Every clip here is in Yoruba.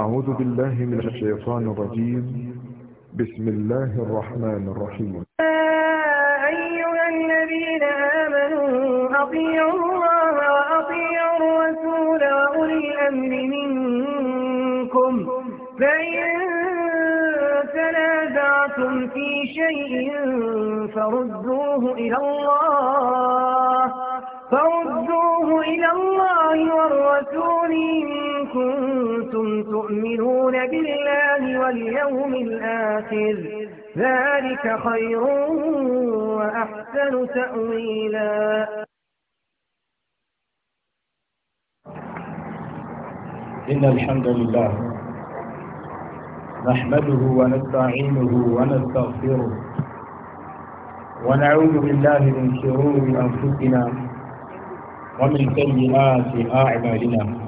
أعوذ بالله من الشيطان الرجيم بسم الله الرحمن الرحيم يا أيها الذين آمنوا أطيعوا الله وأطيعوا الرسول وأولي الأمر منكم فإن تنازعتم في شيء فردوه إلى الله فردوه إلى الله والرسول إن كنتم كنتم تؤمنون بالله واليوم الآخر ذلك خير وأحسن تأويلا إن الحمد لله نحمده ونستعينه ونستغفره ونعوذ بالله من شرور أنفسنا ومن سيئات أعمالنا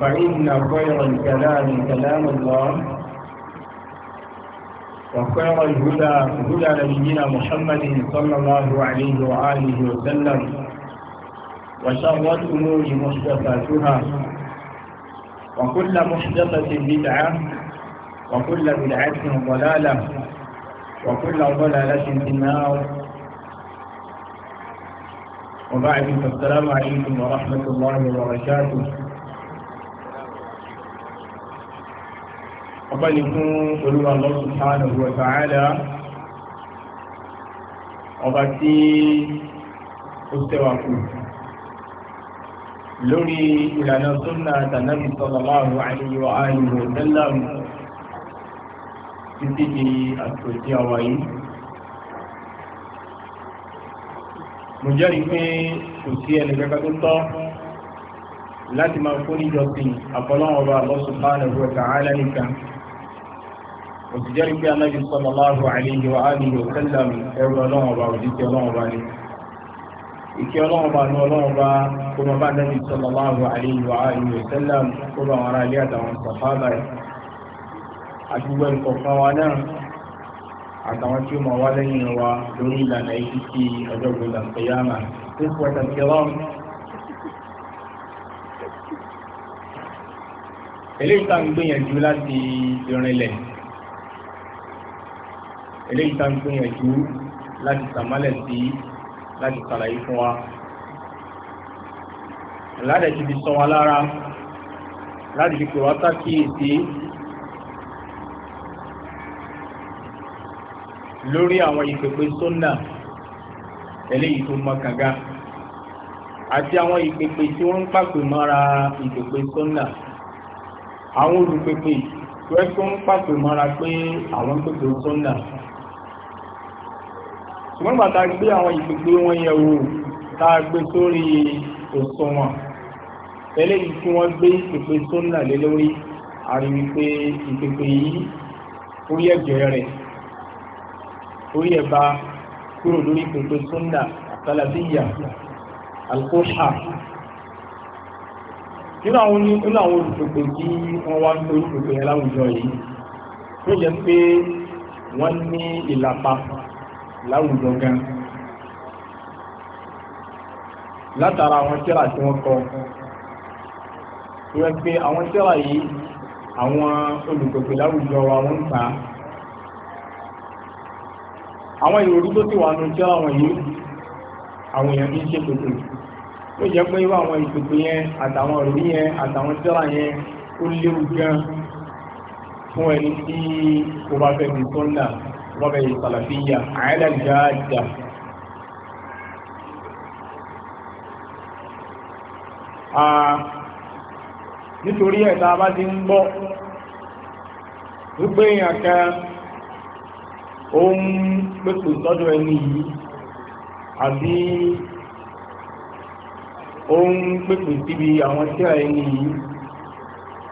فإن خير الكلام كلام الله وخير الهدى هدى نبينا محمد صلى الله عليه وآله وسلم وشر الأمور محدثاتها وكل محدثة بدعة وكل بدعة ضلالة وكل ضلالة في النار وبعد فالسلام عليكم ورحمة الله وبركاته ọpẹ́ ni fún olúwa Allah subhanahu wa ta'ala ọba tí ó tẹ́wà kù lórí ìlànà súnà tànàbí sallallahu alaihi wa alihi wa sallam títí di àsìkò tí a mo jẹ́rìí pé kò sí ẹni kẹ́kẹ́ tó tọ́ láti máa fún ìjọsìn àfọlọ́wọ́ ọba Allah subhanahu wa ta'ala òṣìṣẹ́ ìpé anájú sallallahu alayhi wa alihi wa sallam ẹrù ọlọ́run ọba òjíṣẹ́ ọlọ́run ọba ni ìkẹ́ ọlọ́run ọba ní ọlọ́run ọba kó máa bá anájú sallallahu alayhi wa alihi wa sallam kó bá wọn ará ilé àtàwọn sàfáàbà àdúgbò ẹ̀kọ́ wa náà àtàwọn tí ó máa wá lẹ́yìn wa lórí ìlànà ìdí sí ọjọ́ gbọdọ̀ pẹ̀yàmà tó pẹ̀tàkì ọlọ́run eléyìí tá à ń eléyìí tá ń gbìyànjú láti sàmálẹ̀ sí láti sàlàyé fún wa ládẹ̀ ti fi sọ wa lára láti fi pè wá sákìyèsí lórí àwọn ìpèpè sọ́nà eléyìí tó mọ kànga àti àwọn ìpèpè tí wọ́n ń pàpè mọ́ra ìpèpè sọ́nà àwọn olùpèpè tó ẹ́ ń pàpè mọ́ra pé àwọn pèpè sọ́nà ṣùgbọ́n nígbà tá a gbé àwọn ìpèpè wọn yẹ̀ wò tá a gbé sórí òṣùwọ̀n eléyìí tí wọ́n gbé ìpèpè sónà lé lórí àrí wípé ìpèpè yìí orí ẹ̀jẹ̀ rẹ̀ orí ẹ̀bá kúrò lórí ìpèpè sónà àtàlàbíyà alkóṣà nínú àwọn nínú àwọn olùpèpè tí wọ́n wá ń torí pèpè láwùjọ yìí tó jẹ́ pé wọ́n ní ìlàpapọ̀ láwùjọ gan látara àwọn tírà tí wọ́n kọ tó yẹ pé àwọn tírà yìí àwọn olùgbègbè láwùjọ wa wọ́n ń ta àwọn ìròrí tó ti wà nù tírà wọn yìí àwọn èèyàn ní ṣe pèpè ó jẹ́ pé irú àwọn ìpèpè yẹn àtàwọn ìròrí yẹn àtàwọn tírà yẹn ó léwu gan fún ẹni tí kò bá fẹ́ bí sọ́ńdà ربع السلفية على الجادة nítorí ẹ̀ta bá ti ń gbọ́ wípé èèyàn kan ohun pẹ̀pẹ̀ sọ́dọ̀ ẹni yìí àbí ohun pẹ̀pẹ̀ síbi àwọn tí a ẹni yìí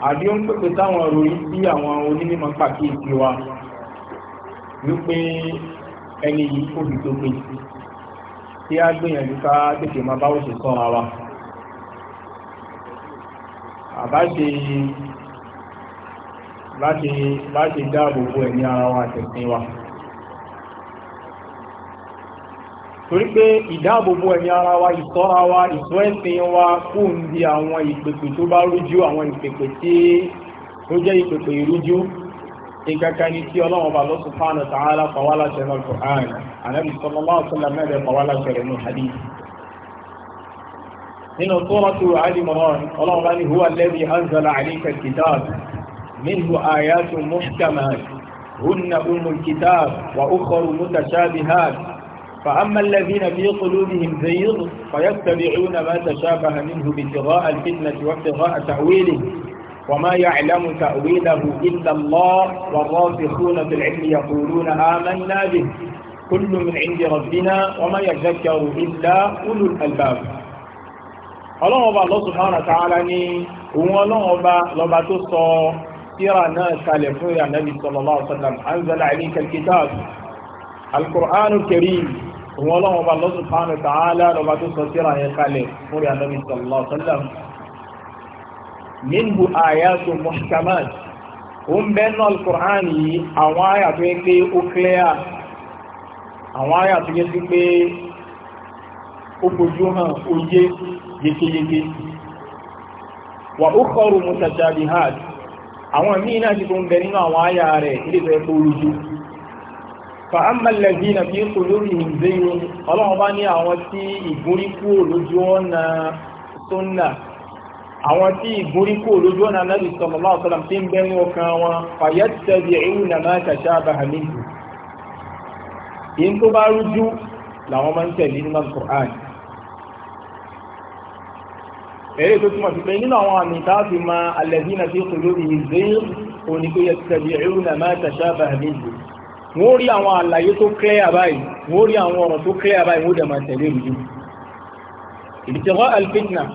àbí ohun pẹ̀pẹ̀ sáwọn ọ̀rọ̀ sí àwọn onímọ̀ pàkíyèsí wa wípé ẹni yìí kò fi tó pé tí a gbìyànjú ká tètè máa bá òṣè sọ ara àbáṣe láti láti dáàbò bo ẹ̀mí ara wa àtẹ̀sìn wa torí pé ìdáàbòbò ẹ̀mí ara wa ìṣọ́ra wa ìṣọ́ ẹ̀sìn wa kú ń di àwọn ìpèpè tó bá rújú àwọn ìpèpè tí ó jẹ́ ìpèpè ìrújú nǹkankan ni kí ọlọ́wọ́n bá lọ́sùn fáànù tààlà pàwálà ṣẹlẹ̀ Al-Qur'an ànábì sallallahu alaihi wasallam mẹ́rin pàwálà ṣẹlẹ̀ ní hadith. nínú suratu Ali Imran ọlọ́wọ́n bá ní huwa alladhi anzala alayka al-kitab minhu ayatun muhkamat hunna ummul kitab wa ukhra mutashabihat فأما الذين في قلوبهم زيغ فيتبعون ما تشابه منه ابتغاء الفتنة وابتغاء تأويله وما يعلم تأويله إلا الله والراسخون في العلم يقولون آمنا به كل من عند ربنا وما يذكر إلا أولو الألباب ọlọ́run ọba Allah subhanahu wa ta'ala ni òun ọlọ́run ọba lọba tó sọ síra náà kalẹ̀ fún ìrìn ànábì sallallahu alaihi wasallam anzala alayka al-kitab al-Qur'anul karim òun ọlọ́run ọba Allah subhanahu wa ta'ala lọba tó sọ síra yẹn kalẹ̀ fún ìrìn ànábì sallallahu alaihi wasallam minhu ayatu muhkamat ó ń bẹ́ẹ̀ náà alukur'an yìí àwọn àyà tó yẹ pé ó clear àwọn àyà tó yẹ sí pé ó fojú hàn ó yé yékéyéké wà ó kọrù mutashabihat àwọn míì náà ti tó ń bẹ nínú àwọn àyà rẹ̀ ilé ìfẹ́ tó rújú fa amma alladhina fi qulubihim zayn ọlọ́run bá ní àwọn tí ìgúnrí kúrò lójú ọ̀nà sunnah àwọn tí ìgbóríkò lójú ọ̀nà Ànábì sallallahu alaihi wasallam tí ń bẹ́ ní ọkàn wọn fayattabi'una ma tashabaha minhu yìí tó bá rújú làwọn máa ń tẹ̀lé nínú Al-Qur'an eré tó túmọ̀ sí pé nínú àwọn àmì tá a fi máa ma alladhina fi qulubihim zayghun òní pé yattabi'una ma tashabaha minhu wọ́n rí àwọn àlàyé tó kẹ́ báyìí wọ́n rí àwọn ọ̀rọ̀ tó kẹ́ báyìí wọ́n dẹ̀ máa tẹ̀lé rújú ìdíjẹ́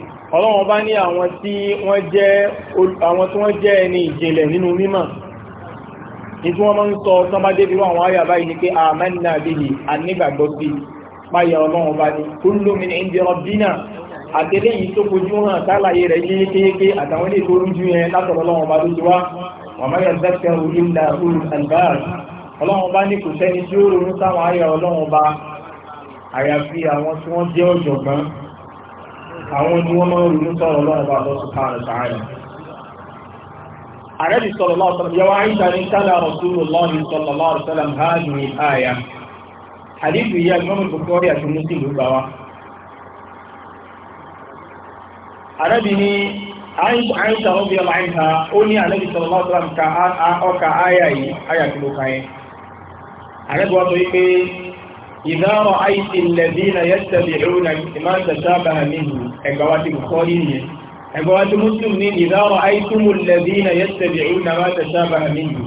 ọlọ́wọ́n bá ní àwọn tí wọ́n jẹ́ ẹni ìjìnlẹ̀ nínú mímọ̀ ní tí wọ́n máa ń sọ tán bá débi wọ́n àwọn àyàbá yìí ní pé àmánà bihi anígbàgbọ́ sí páyà ọlọ́wọ́n bá ní kullu min indi rabbina àtẹ́lẹ́ yìí tó fojú hàn sálàyé rẹ̀ yékéyéké àtàwọn ilé tó rújú yẹn látọ̀rọ̀ ọlọ́wọ́n bá lójú wá wa ma yadhakkaru illa àwọn ni wọ́n máa ń ronú sọ̀rọ̀ lọ́wọ́ bá lọ́sùn káàrọ̀ sàárà àrẹ́bì sọ̀rọ̀ lọ́wọ́ sọ̀rọ̀ yàwó àìsà ní sálà rọ̀sùlù lọ́ọ̀ni sọ̀rọ̀ lọ́wọ́ sọ̀rọ̀ hàánù àyà àdìbò ìyá ìmọ̀mù bukori àti muslim gbà wá àrẹ́bì ní àìsà lọ́wọ́ إذا رأيت الذين يتبعون ما تشابه منه أقوات البخاري أقوات مسلم إذا رأيتم الذين يتبعون ما تشابه منه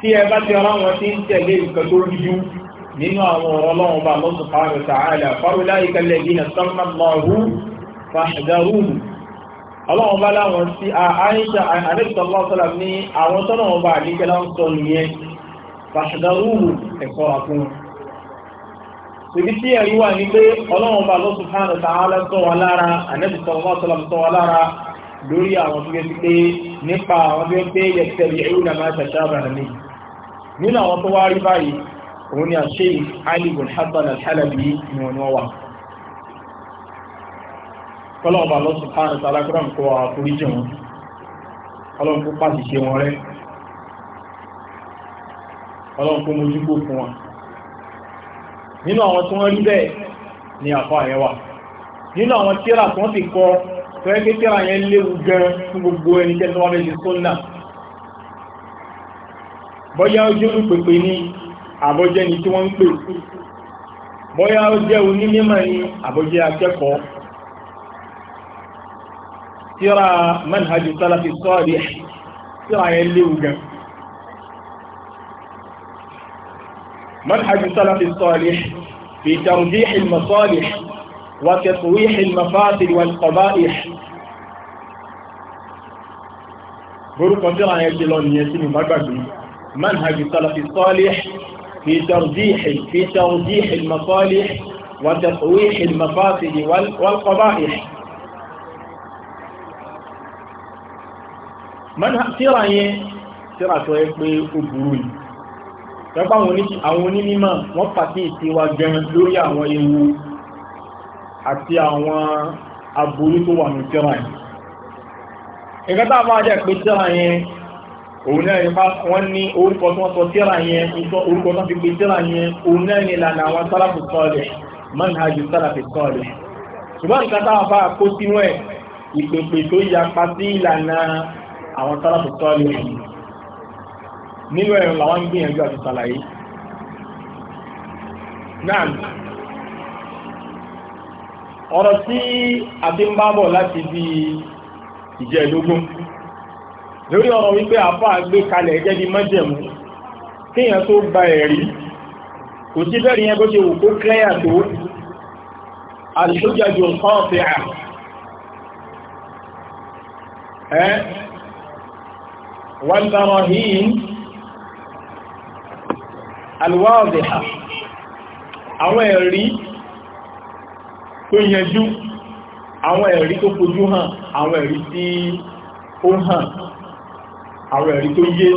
في أبات رأوة تلك ترجو من أمور الله سبحانه وتعالى فأولئك الذين سمى الله فاحذروه ọlọ́run bá láwọn sí àáríṣà àdẹ́sọ̀lọ́sọ́lá ní àwọn tọ́nà ọba àdíkẹ́lá ń sọ nìyẹn fàṣàdárúhù ẹ̀kọ́ra fún ibi tí ẹ̀rí wà ní pé ọlọ́run bá lọ́sùn fáànù tààlà sọ wà lára ànẹ́bì sọ wọ́n sọ lọ́sọ wà lára lórí àwọn tó gẹ́sí pé nípa àwọn tó pé yẹ̀tẹ̀rì ẹ̀rù nà máa ṣàṣà bàrà ní nínú àwọn tó wá rí báyìí òun ni àṣẹ Ali bin Hasan al ni wọn wà ọlọ́run bá lọ́sùn fáànù tààlà kúrò kó àforíjì wọn ọlọ́run kó pàṣẹ wọn rẹ ọlọ́run kó mojú kó fún wọn nínú àwọn tí wọ́n rí bẹ́ẹ̀ ni àfà yẹn wà nínú àwọn tíra tí wọ́n ti kọ fẹ́ẹ́ pé tíra yẹn léwu gan fún gbogbo ẹnikẹ́ni tó wà lẹ́sí sọ́nà bọ́yá ó jẹ́ olùpèpè ní àbọ́jẹ́ ni tí wọ́n ń pè bọ́yá ó jẹ́ onímọ̀ ní àbọ́jẹ́ akẹ́kọ̀ọ́ tíra manhajj salafi sọ́ọ̀dì tíra yẹn léwu gan منهج السلف الصالح في ترجيح المصالح وتطويح المفاسد والقبائح بركة ترى يجلون يسين مقابل منهج السلف الصالح في ترجيح في ترجيح المصالح وتطويح المفاسد والقبائح منهج ترى سيرا ترى ترى pẹ́pà àwọn onímọ̀ wọ́n pàkíyèsí wa gan lórí àwọn ewu àti àwọn aburú tó wà ní tírà yìí nǹkan tá a máa jẹ́ pé tírà yẹn òun náà ni wọ́n ní orúkọ tó wọ́n sọ tírà yẹn ìtọ́ orúkọ tó fi pé tírà yẹn òun náà ni lànà àwọn ìlànà àwọn sálàfù sọ́ọ̀lẹ̀ yìí nílò ẹ̀rọ làwọn ń gbìyànjú àti ṣàlàyé náà ọ̀rọ̀ tí àti ń bá bọ̀ láti bí ìjẹ́ẹ̀dógún lórí ọ̀rọ̀ wípé àfá gbé kalẹ̀ gẹ́gẹ́ bí májẹ̀mú kíyàn tó gba ẹ̀rí kò sí bẹ́ẹ̀rí yẹn bó ṣe wù kó kẹ́yà tó àṣójájú nǹkan ọ̀fẹ́ à ẹ́ wọ́n tàrọ̀ yìí alwáàdìhà àwọn ẹ̀rí tó yẹnjú àwọn ẹ̀rí tó fojú hàn àwọn ẹ̀rí tí ó hàn àwọn ẹ̀rí tó yé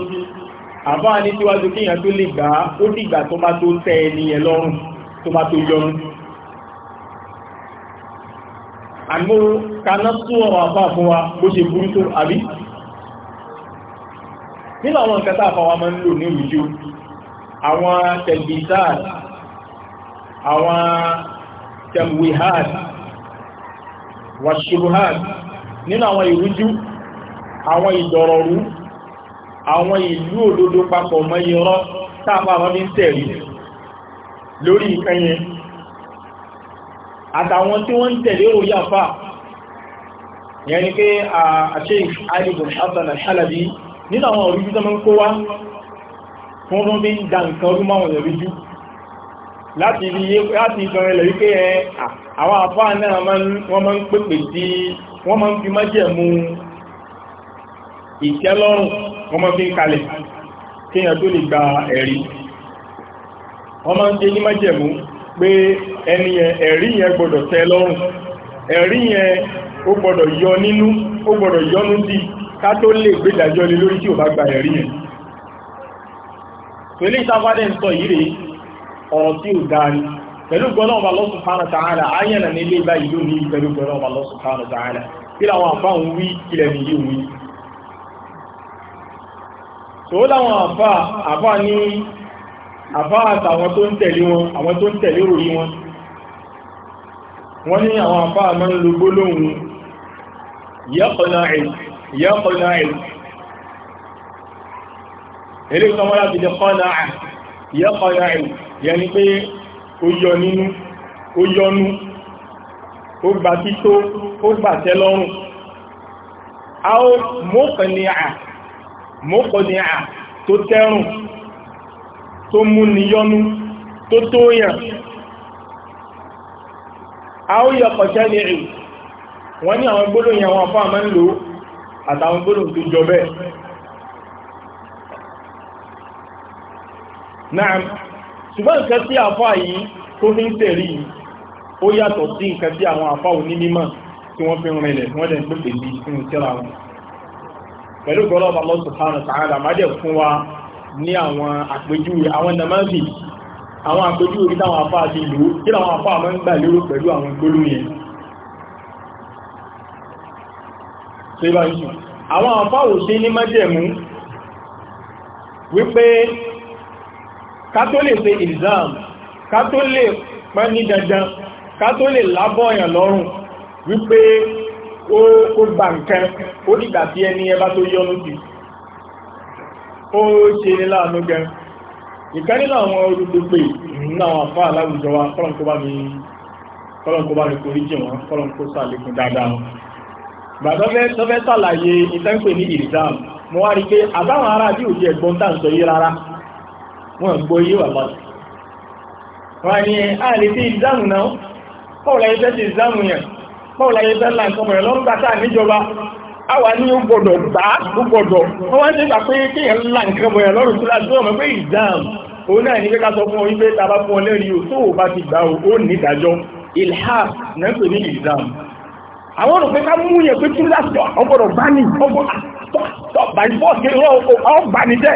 àbá ní tíwájú kíyàn tó lè gbà ó dìgbà tó bá tó tẹ́ ẹni ẹ lọ́rùn tó bá tó yọrùn àmọ́ kaná tó ọ̀rọ̀ àfá fún wa bó ṣe burú tó àbí nínú àwọn nǹkan tá àfáwa máa ń lò ní ìrújú àwọn tẹ̀lbìsáàd àwọn tẹ̀wìháàd wàṣùrùháàd nínú àwọn ìrújú àwọn ìdọ̀rọ̀rú àwọn ìlú òdodo papọ̀ mọ́ irọ́ táàpá àwọn ní tẹ̀rí lórí ìkẹyẹ àtàwọn tí wọ́n ń tẹ̀lé orí àfà yẹni pé àṣẹ́ ìfàdìbò Hassan al-Halabi nínú fún ló ní da nǹkan ọdún máwọn ẹ̀rí jú láti ìtàn ilẹ̀ wípé ẹ àwọn àfáà náà wọ́n máa ń pèpè sí wọ́n máa ń fi májẹ̀mú ìtẹ́lọ́rùn wọ́n máa fi ń kalẹ̀ kí èèyàn tó lè gba ẹ̀rí wọ́n máa ń ṣe ní májẹ̀mú pé ẹni yẹn ẹ̀rí yẹn gbọ́dọ̀ tẹ́ lọ́rùn ẹ̀rí yẹn ó gbọ́dọ̀ yọ nínú ó gbọ́dọ̀ yọnú sí ká tó lè gbédàjọ́ lé lórí tí ò bá gba ẹ̀rí yẹn pẹ̀lú ìtafádẹ́ ń sọ yìí rèé ọ̀rọ̀ tí ò dáa ni pẹ̀lú gbọ́nà ọba Allah subhanahu wa ta'ala ayẹ́nà ní ilé ìbáyìí ló ní pẹ̀lú gbọ́nà ọba Allah subhanahu wa ta'ala kí làwọn àfá ń wí kílẹ̀ ní yìí wí tó wọ́n ní àwọn àfá máa ń lo gbólóhùn yaqna'i yaqna'i eléyìí tó wọ́n láti jẹ kọ́nà à yẹ́kọ̀ọ́yà rẹ̀ yẹni pé ó yọ nínú ó yọnu ó gbà tító ó gbà tẹ́ lọ́rùn a ó mọ́kànlẹ̀ mọ́kànlẹ̀ tó tẹ́rùn tó mú ni yọnu tó tó yàn a ó yọkọ̀ṣẹ́ ní rẹ̀ wọ́n ní àwọn gbólóyìn àwọn afọ́ àmọ́ ń lò àtàwọn gbólóyìn tó jọ bẹ́ẹ̀ náà ṣùgbọ́n nǹkan tí àfá yìí tó fi ń tẹ̀rí yìí ó yàtọ̀ sí nǹkan tí àwọn àfá òní mímọ̀ tí wọ́n fi rìnlẹ̀ wọ́n lè pèpè bí fún ìṣẹ́ra wọn pẹ̀lú gọ́lọ́bà Allah subhanahu wa ta'ala má dẹ̀ fún wa ní àwọn àpèjúwe àwọn nàmáàbì àwọn àpèjúwe bí táwọn àfá ti lò kí àwọn àfá máa ń gbà lérò pẹ̀lú àwọn gbólú yẹn àwọn àfá ò ṣe ní májẹ̀mú wípé ká tó lè ṣe exam ká tó lè pẹ́ ní dandan ká tó lè lábọ́ ọ̀yàn lọ́rùn wípé ó gba nǹkan ó dìgbà tí ẹni ẹ bá tó yọ́nú sí ó ṣe ní láàánú gan ìkan nínú àwọn olùdókè nínú àwọn àfá aláwùjọ wa kọ́lọ̀n kó bá mi kọ́lọ̀n kó bá mi kò rí jì wọ́n kọ́lọ̀n kó sàlékún dáadáa wọn gbà tọ́fẹ́ sàlàyé ìtẹ́ǹpẹ̀ wọ́n gbọ́ yí wà lọ́dọ̀ wọ́n ni a lè fi ìdáàmù náà pọ́ọ̀lá ẹgbẹ́ ti ìdáàmù yẹn pọ́ọ̀lá ẹgbẹ́ là ń sọmọ̀ rẹ̀ lọ́rùn gbàtà níjọba a wà ní gbọ́dọ̀ gbà gbọ́dọ̀ wọ́n wá ń ṣègbà pé kéèyàn là ń kẹ́bọ̀ yẹn lọ́rùn sílá tí wọ́n mọ̀ pé ìdáàmù òun náà ní kíkà sọ fún ọ wípé ta bá fún ọ lẹ́rìí o tó o bá ti gbà o ó ní ìdájọ́ ìlhà náà pè ní ìdáàmù àwọn olùgbé ká mú yẹn pé túlá ọgbọ̀dọ̀ gbá ní ọgbọ̀ by force kí ọgbà ní jẹ́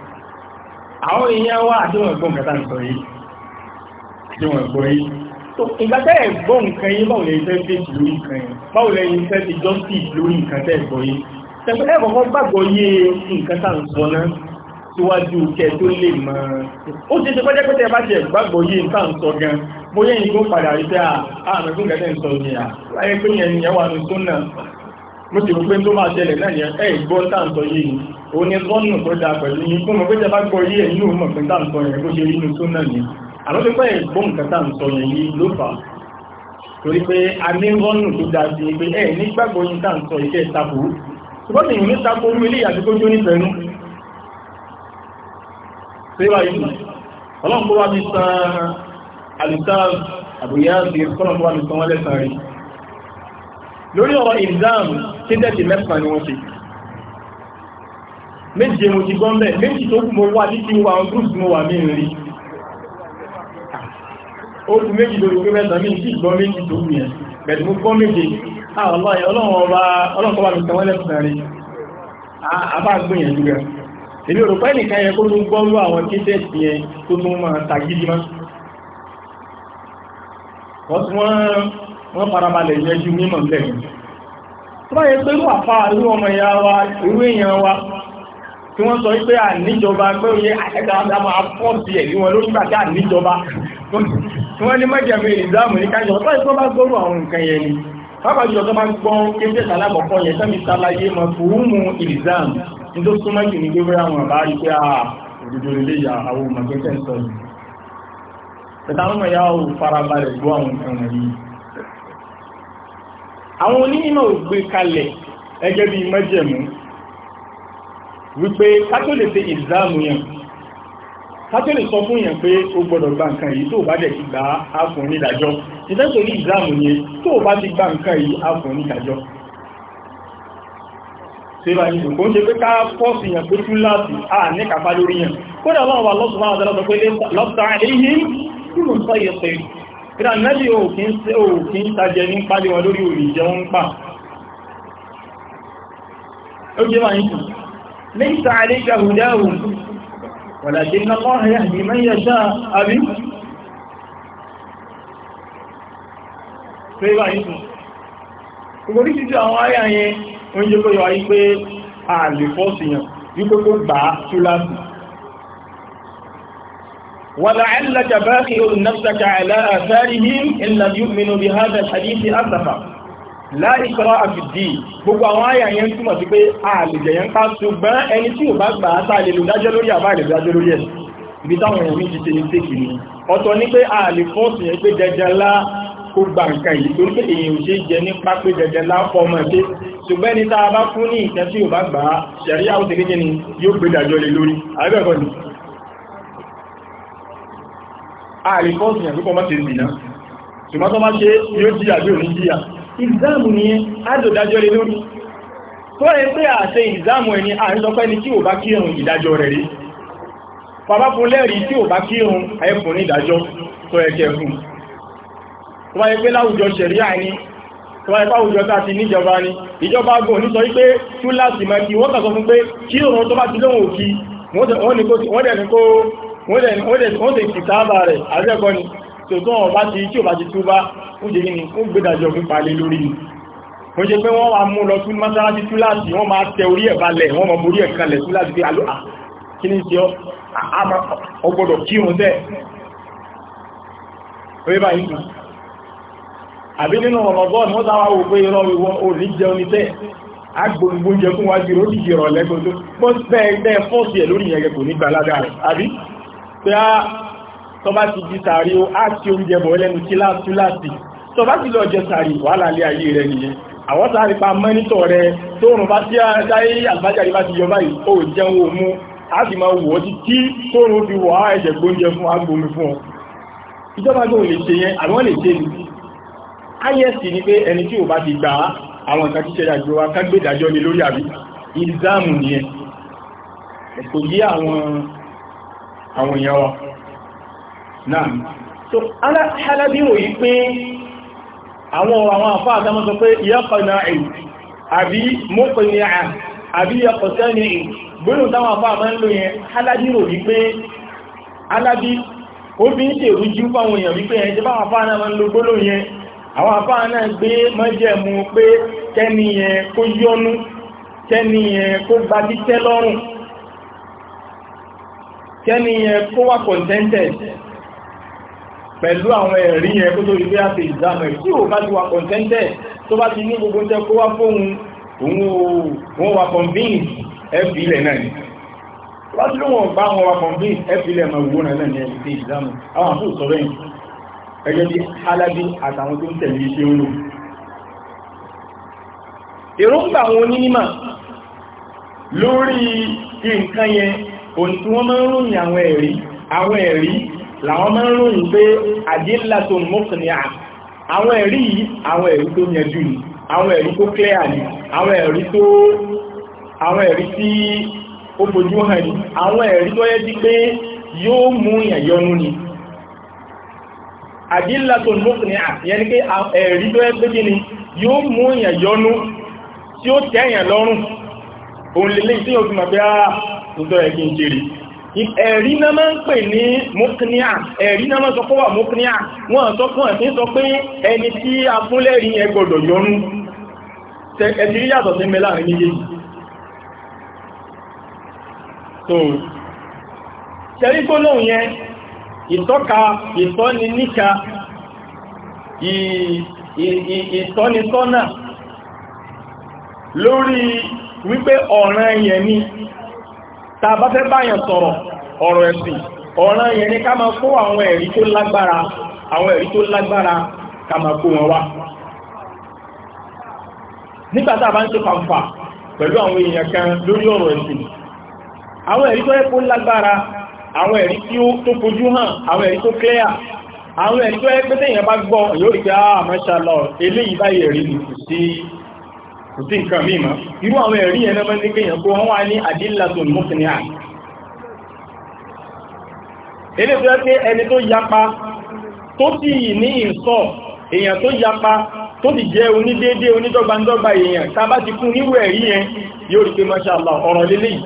àwọn èèyàn wà tí gbọ́n kẹta sọ yìí tí wọ́n yìí tó ìgbàtẹ́ ẹ̀gbọ́n nǹkan yìí báwo lẹ́yìn fẹ́ fèsì lórí nǹkan yìí báwo lẹ́yìn fẹ́ fi justice lórí nǹkan tẹ́ yìí tẹ̀pẹ́ ẹ̀ gbàgbọ́ yé nǹkan tá ń sọ náà síwájú kẹ tó lè mọ̀ ó ti ṣe pẹ́jẹ́ pẹ́jẹ́ bá ṣe gbàgbọ́ yé nǹkan ń sọ gan bóyá ìgbó padà rí pé àmọ́ ìgbóǹkẹ́tẹ̀ ń sọ yìí à mo sì rò pé tó máa ṣẹlẹ̀ náà yẹn ẹ̀ gbọ́ táǹtọ̀ yìí ni òun ni sọ́nù tó dáa pẹ̀lú ní fún mọ̀ pé jẹba gbọ́ yìí ẹ̀yìn òun mọ̀ pé táǹtọ̀ yẹn bó ṣe rí inú tó náà ni àmọ́ pé pé ẹ̀gbọ́n nǹkan táǹtọ̀ yẹn yìí ló fà torí pé a ní sọ́nù tó dáa sí ni pé ẹ̀ nígbàgbọ́ yìí táǹtọ̀ iṣẹ́ ìtakò ṣùgbọ́n sì ní tako orú ilé ìyàtí tó jó ní pẹ̀lú síwá yìí lórí ọ̀rọ̀ ìdáàmù tíndẹ̀tì mẹ́fà ni wọ́n ṣe méje mo ti gọ́ọ̀mẹ̀ méjì tó kù mo wà ní kí wà groups mo wà mí rí ó kù méjì lórí pé mẹ́ta mí sí gbọ́ méjì tó kù yẹn bẹ̀rẹ̀ mo gbọ́ méje ah, ọlọ́run ọba mi sanwó lẹ́sùn rí àbá ah, gbìyànjú rẹ̀ èmi ò rò pé nìkan yẹ kó tún gbọ́rú àwọn tíṣẹ́ẹ̀tì yẹn tó tún máa tagídí mọ́ wọ́n tún wọ́n farabalẹ̀ yẹjú mímọ̀ lẹ́yìn tó bá yẹ pé wà fa irú ọmọ ìyá wa irú èèyàn wa tí wọ́n sọ pé à níjọba pé ó yẹ àṣẹ́gbà àmà fọ́ọ̀sì ẹ̀ níwọ̀n lórí gbàgbà níjọba tí wọ́n ní mẹ́jẹ̀mí ìdáàmù ní kájọ tó ìsọ́ bá gbọ́rù àwọn nǹkan yẹn ni pápá jùlọ tó bá ń gbọ́ kéńté sàlámọ̀kọ́ yẹn sẹ́mi sàlàyé mọ̀ fòúmù ìdáàmù ní tó súnmọ́ jù ní gbé àwọn àbá rí pé à òdòdó ilé ìyá àwọn òmàgbẹ́sẹ̀ ń sọ yìí àwọn onímọ̀ ò gbé kalẹ̀ ẹgẹ́ bí májẹ̀mú wípé kátó lè ṣe ìzáàmù yẹn kátó lè sọ fún yẹn pé o gbọ́dọ̀ gba nǹkan yìí tó bá dẹ̀ ti gbà á fún onídàájọ́ ìtẹ́sọ̀ ní ìzáàmù yẹn tó bá ti gba nǹkan yìí á fún onídàájọ́ síra ní kò ń ṣe pé ká pọ́sì yàn pé tún láti à ní kàfà lórí yàn kódà wọn wà ìrà nẹ́bí ò kí ń tajẹ ní pàdé wọn lórí òrì ìjẹun ń pà ó jẹ́ wọ́n yìí lẹ́yìnta àríkà hùdáhù wàlàdé na lọ́hàyà ìmẹ́yà sáà àbí pẹ́lá yìí gbogbo ní títí àwọn ayà yẹn oúnjẹ kó yọ wáyé pé ààlè fọ́ọ̀sì yàn wípé kó gbà á túláàbù ولعلك باخع نفسك على آثارهم إن لم يؤمنوا بهذا الحديث أسفا لا إكراه في الدين gbogbo àwọn àyà yẹn ń túmọ̀ sí pé àlùjẹ̀ yẹn ká ṣùgbọ́n ẹni tí ò bá gbà á sáà lè lò dájọ́ lórí àbá lè dájọ́ lórí ẹ̀ ibi táwọn èèyàn mi ti ṣe ní tèkì ni ọ̀tọ̀ ní pé àlè fọ́ọ̀sì yẹn pé jẹjẹlá kó gba nǹkan yìí torí pé èèyàn ò ṣe jẹ nípa pé jẹjẹlá ọmọ ẹ̀ṣẹ́ ṣùgbọ́n ẹni tá a bá fún ní ìtẹ́ tí ò bá gbà á ṣẹ̀rí àwọn tèkéjì ni yóò gbé dájọ́ lé lórí àbẹ́ẹ̀kọ́ ni ààrẹ fọ́ọ̀sì yàn púpọ̀ mọ́sí ìrìnà ṣùgbọ́n tó má ṣe yóò jíyà bí òní jíyà ìzáàmù ni ádòdájọ́ lé lórí tó rẹ̀ pé àṣẹ ìzáàmù ẹni àrísọpẹ́ ni tí ò bá kírun ìdájọ́ rẹ̀ rí bàbá fún lẹ́rí tí ò bá kírun ẹkùn ní ìdájọ́ tó ẹkẹ fún tó wáyé pé láwùjọ ṣẹ̀ríà ni tó wáyé páwùjọ tá ti níjọba ni ìjọba gùn ní sọ wípé túláàsì máa kí wọ́n kà sọ fún pé kírun tó bá ti lóhun òkí wọ́n dẹ̀ ní kó wọ́n lè kìtà bá rẹ̀ àjẹ́kọ́ ni tó tó wọn bá ti tí ò bá ti túbá ó jẹ́ ní ó gbédàjọ fún palẹ̀ lórí ni wọ́n jẹ́ pé wọ́n wá mú lọ tún mọ́sálásí túláàsì wọ́n máa tẹ orí ẹ̀ balẹ̀ wọ́n mọ̀ orí ẹ̀ kalẹ̀ túláàsì pé alóà kí ní ṣe ọgbọ́dọ̀ kírun tẹ́ orí bá yìí àbí nínú ọ̀rọ̀gọ́n wọ́n sáwá wò pé irọ́ ìwọ òní fún wájú rò dìjì tó pọ́ńpẹ́ ẹgbẹ́ fọ́ọ̀sì ẹ̀ lórí ìyẹn ní gbà rẹ̀ àbí pé á tọba ti di sàárì ó á tí oúnjẹ bọ̀ lẹ́nu kíláàsì láti tọba ti lọ jẹ sàárì wà lálẹ́ ayé rẹ nìyẹn àwọn sàárì pa mẹ́nítọ̀ rẹ tó rùn bá sí àdáyé àlùbájáde bá ti yọ báyìí ó jẹun ó mú ti kí tó rùn fi wọ̀ á ẹ̀jẹ̀ gbóúnjẹ fún agbomi fún ọ ìjọba gbóhùn lè ṣe yẹn àwọn lè ṣe ni ayẹ́sì ni pé ẹni tí ò bá ti gbà àwọn nǹkan tí ṣẹlẹ̀ àjò wa kágbé ìdájọ́ ni lórí àbí ìzáàmù nìyẹn kò yí àwọn èèyàn wa náà so aláhálàbí wòye pé àwọn ọ̀rọ̀ àwọn àfá àdámọ́ sọ pé yẹ́kọ̀ọ́nà ẹ̀ àbí mọ́kànlá àbí yẹ́kọ̀ọ́sẹ́ ní ẹ̀ gbónú táwọn àfá àmọ́ ń lò yẹn alábí wòye pé alábí ó bí ń tèrú jú fáwọn èèyàn wípé ẹjẹ́ bá àfá náà ń lo kẹ́ni yẹn kó wà contented pẹ̀lú àwọn ẹ̀rí yẹn kó tó ilé àti ìdámẹ̀ tí ò bá ti wà contented tó bá ti ní gbogbo tẹ́ kó wá fóun òun wà convince ẹ̀fì ilẹ̀ náà ni wá tí wọ́n bá wọn wà convince ẹ̀fì ilẹ̀ máa wó náà ní ẹ̀fì ìdámẹ̀ àwọn àfún ìsọ̀rọ̀ yìí ẹgbẹ́ bí alábí àtàwọn tó ń tẹ̀lé iṣẹ́ ń lò èròǹgbà àwọn onímọ̀ lórí nǹkan yẹn òun tí wọ́n máa ń ròyìn àwọn ẹ̀rí àwọn ẹ̀rí làwọn máa ń ròyìn pé àdílà tó mọ́kànlá àwọn ẹ̀rí yìí àwọn ẹ̀rí tó yanjú ni àwọn ẹ̀rí tó clear ni àwọn ẹ̀rí tó àwọn ẹ̀rí tí ó fojú hàn ní àwọn ẹ̀rí tó yẹ sí pé yóò mú ìyàyọnu ni àdílà tó mọ́kànlá yẹni pé ẹ̀rí tó yẹ pé kí ni yóò mú ìyàyọnu tí ó tẹ́yàn lọ́rùn òun lè léyìí tí yóò fi mọ̀ pé ah, tó yẹ kí n ṣe rí ẹ̀rí náà máa ń pè ní mọ́kíníà ẹ̀rí náà máa sọ pé wà mọ́kíníà wọ́n sọ fún ẹ̀sìn sọ pé ẹni tí a fún lẹ́rí ẹ gbọ́dọ̀ yọnu ẹ̀sì rí yàtọ̀ sí mẹ́lá rí méjèèjì so ṣẹ̀rí gbólóhùn yẹn ìtọ́ka ìtọ́ni níka ìtọ́nisọ́nà lórí wípé ọ̀ràn yẹn ni tá a bá fẹ́ báyàn sọ̀rọ̀ ọ̀rọ̀ ẹ̀sìn ọ̀ràn yẹn ni ká máa kó àwọn ẹ̀rí tó lágbára àwọn ẹ̀rí tó lágbára ká máa kó wọn wá nígbà tá a bá ń ṣe fàǹfà pẹ̀lú àwọn èèyàn kan lórí ọ̀rọ̀ ẹ̀sìn àwọn ẹ̀rí tó yẹ kó lágbára àwọn ẹ̀rí tí ó tó fojú hàn àwọn ẹ̀rí tó clear àwọn ẹ̀rí tó yẹ pé téèyàn bá gbọ́ yóò rí pé ah mashallah eléyìí báyìí ẹ̀rí nìkú sí kò sí nǹkan mímọ̀ irú àwọn ẹ̀rí ẹ̀nà bá ní kéyàn kó wọ́n wá ní àdílàtò mọ́kànlá ilé tó yẹ́ pé ẹni tó yapa tó ti ní ìsọ́ èèyàn tó yapa tó ti jẹ́ onídéédé onídọ́gbandọ́gba èèyàn tàbá ti kún nírú ẹ̀rí yẹn yóò rí pé mọ́ṣàlá ọ̀rọ̀ lélẹ́yìí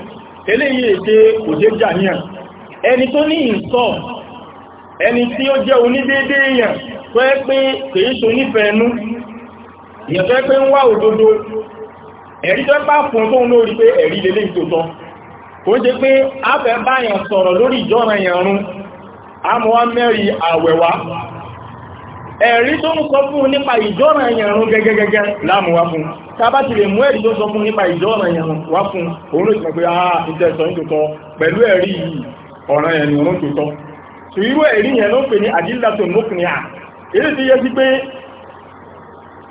eléyìí èdè kò jẹ́ jàníyàn ẹni tó ní ìsọ́ ẹni tí èèyàn tó pé ń wá òdodo ẹ̀rí tó bá fún tóun lórí pé ẹ̀rí lélẹ́ ìtòtọ́ kò ń ṣe pé a fẹ́ báyàn sọ̀rọ̀ lórí ìjọ́ran ìyàrún àmọ́wá mẹ́rin àwẹ̀wá ẹ̀rí tó ń sọ fún nípa ìjọ́ran ìyàrún gẹ́gẹ́gẹ́gẹ́ láàmùwá fún tàbá ti lè mú ẹ̀rí tó sọ fún nípa ìjọ́ran ìyàrún wá fún òun ló ti mọ̀ pé àà ah, ìtẹ̀sọ̀ ìtòtọ́ pẹ̀lú ẹ̀rí ọ̀ràn ẹ̀rìn òun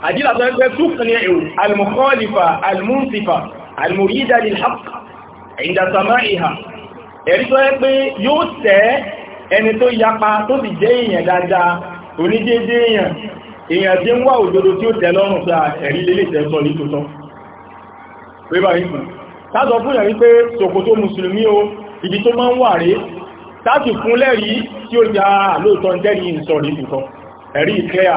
àdílà tó ẹgbẹ́ tó kàn ní ẹ̀wù almukhalifa almunsifa almurida lilhaq inda sama'iha ẹ̀rí tó yẹ pé yóò tẹ́ ẹni tó yapa tó sì jẹ́ èèyàn dáadáa onídéédé èèyàn èèyàn tí ń wá òdodo tí ó tẹ́ lọ́rùn pé ẹ̀rí lélẹ̀ tẹ́ sọ nítòótọ́ pé báyìí fún ẹ̀rí ìkẹ́yà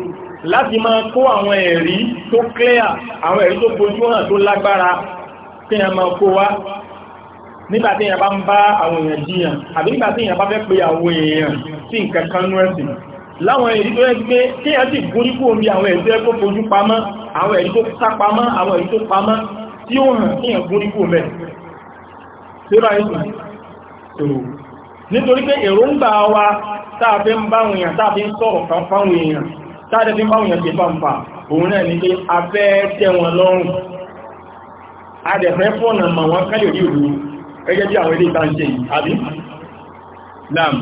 láti máa kó àwọn ẹ̀rí tó clear àwọn ẹ̀rí tó bojú hàn tó lágbára tí a máa kó wá nígbà tí èèyàn bá ń bá àwọn èèyàn jiyàn àbí nígbà tí èèyàn bá fẹ́ pe àwọn èèyàn sí nǹkan kan nú ẹ̀sìn láwọn ẹ̀rí tó yẹ pé kí èèyàn sì gúrí kúrò bí àwọn ẹ̀rí tó yẹ kó fojú pamọ́ àwọn ẹ̀rí tó sá pamọ́ àwọn ẹ̀rí tó pamọ́ tí ó hàn kí èèyàn gúrí kúrò mẹ́ nítorí pé èròǹgbà wa tá a fi ń bá àwọn èèyàn tá a fi ń sọ̀rọ̀ kan fáwọn èèyàn táàdẹ̀ fi báwọn yẹn ti fàǹfà òun náà ní pé a fẹ́ tẹ́ wọn lọ́rùn a dẹ̀ fẹ́ fọ́nà mà wọn káyò ní òru gẹ́gẹ́ bí àwọn ilé ìta ń ṣe yìí àbí lam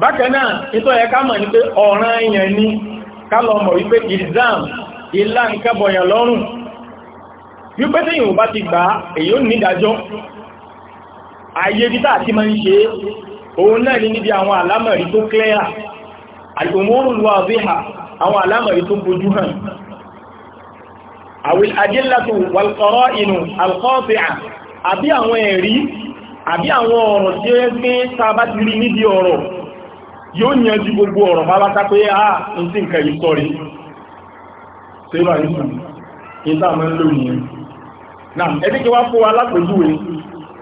bákan náà ìtọ́ ẹ̀ ká mọ̀ ní pé ọ̀ràn èèyàn ní ká lọ mọ̀ wípé exam ìlà ìkẹ́bọ̀yàn lọ́rùn wípé tí yìnbọn bá ti gbà èyí ó ní ìdájọ́ ayé bí táà ti máa ń ṣe òun náà n'ibi níbi àwọn àlámọ̀rí tó clear al-umurul àwọn àlámọ̀rí tó bojú hàn àwil adillatu wal qara'inu al àbí àwọn ẹ̀rí àbí àwọn ọ̀rọ̀ tí ó gbé sábà níbi ọ̀rọ̀ yóò yanjú gbogbo ọ̀rọ̀ bábátá pé ah, a ń tí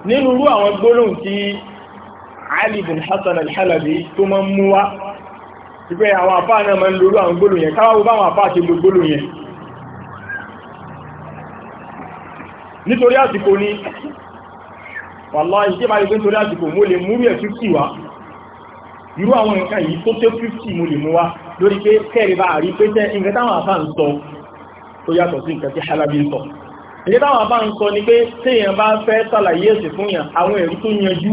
Na Ali bin Hassan al-Halabi tó máa ń mú wá wípé àwọn àpá náà máa ń lórú àwọn gbólóhùn yẹn káwàwó báwọn àpá àti lo gbólóhùn yẹn nítorí àsìkò ní wàláhì tí máa gbé nítorí àsìkò mo lè múrú ẹ̀ 50 wá irú àwọn nǹkan yìí tó tó 50 mo lè mú wá lórí pé ń sọ tó yàtọ̀ tí Halabi bá fẹ́ sàlàyé ẹ̀sìn fún yàn àwọn ẹ̀rí tó yanjú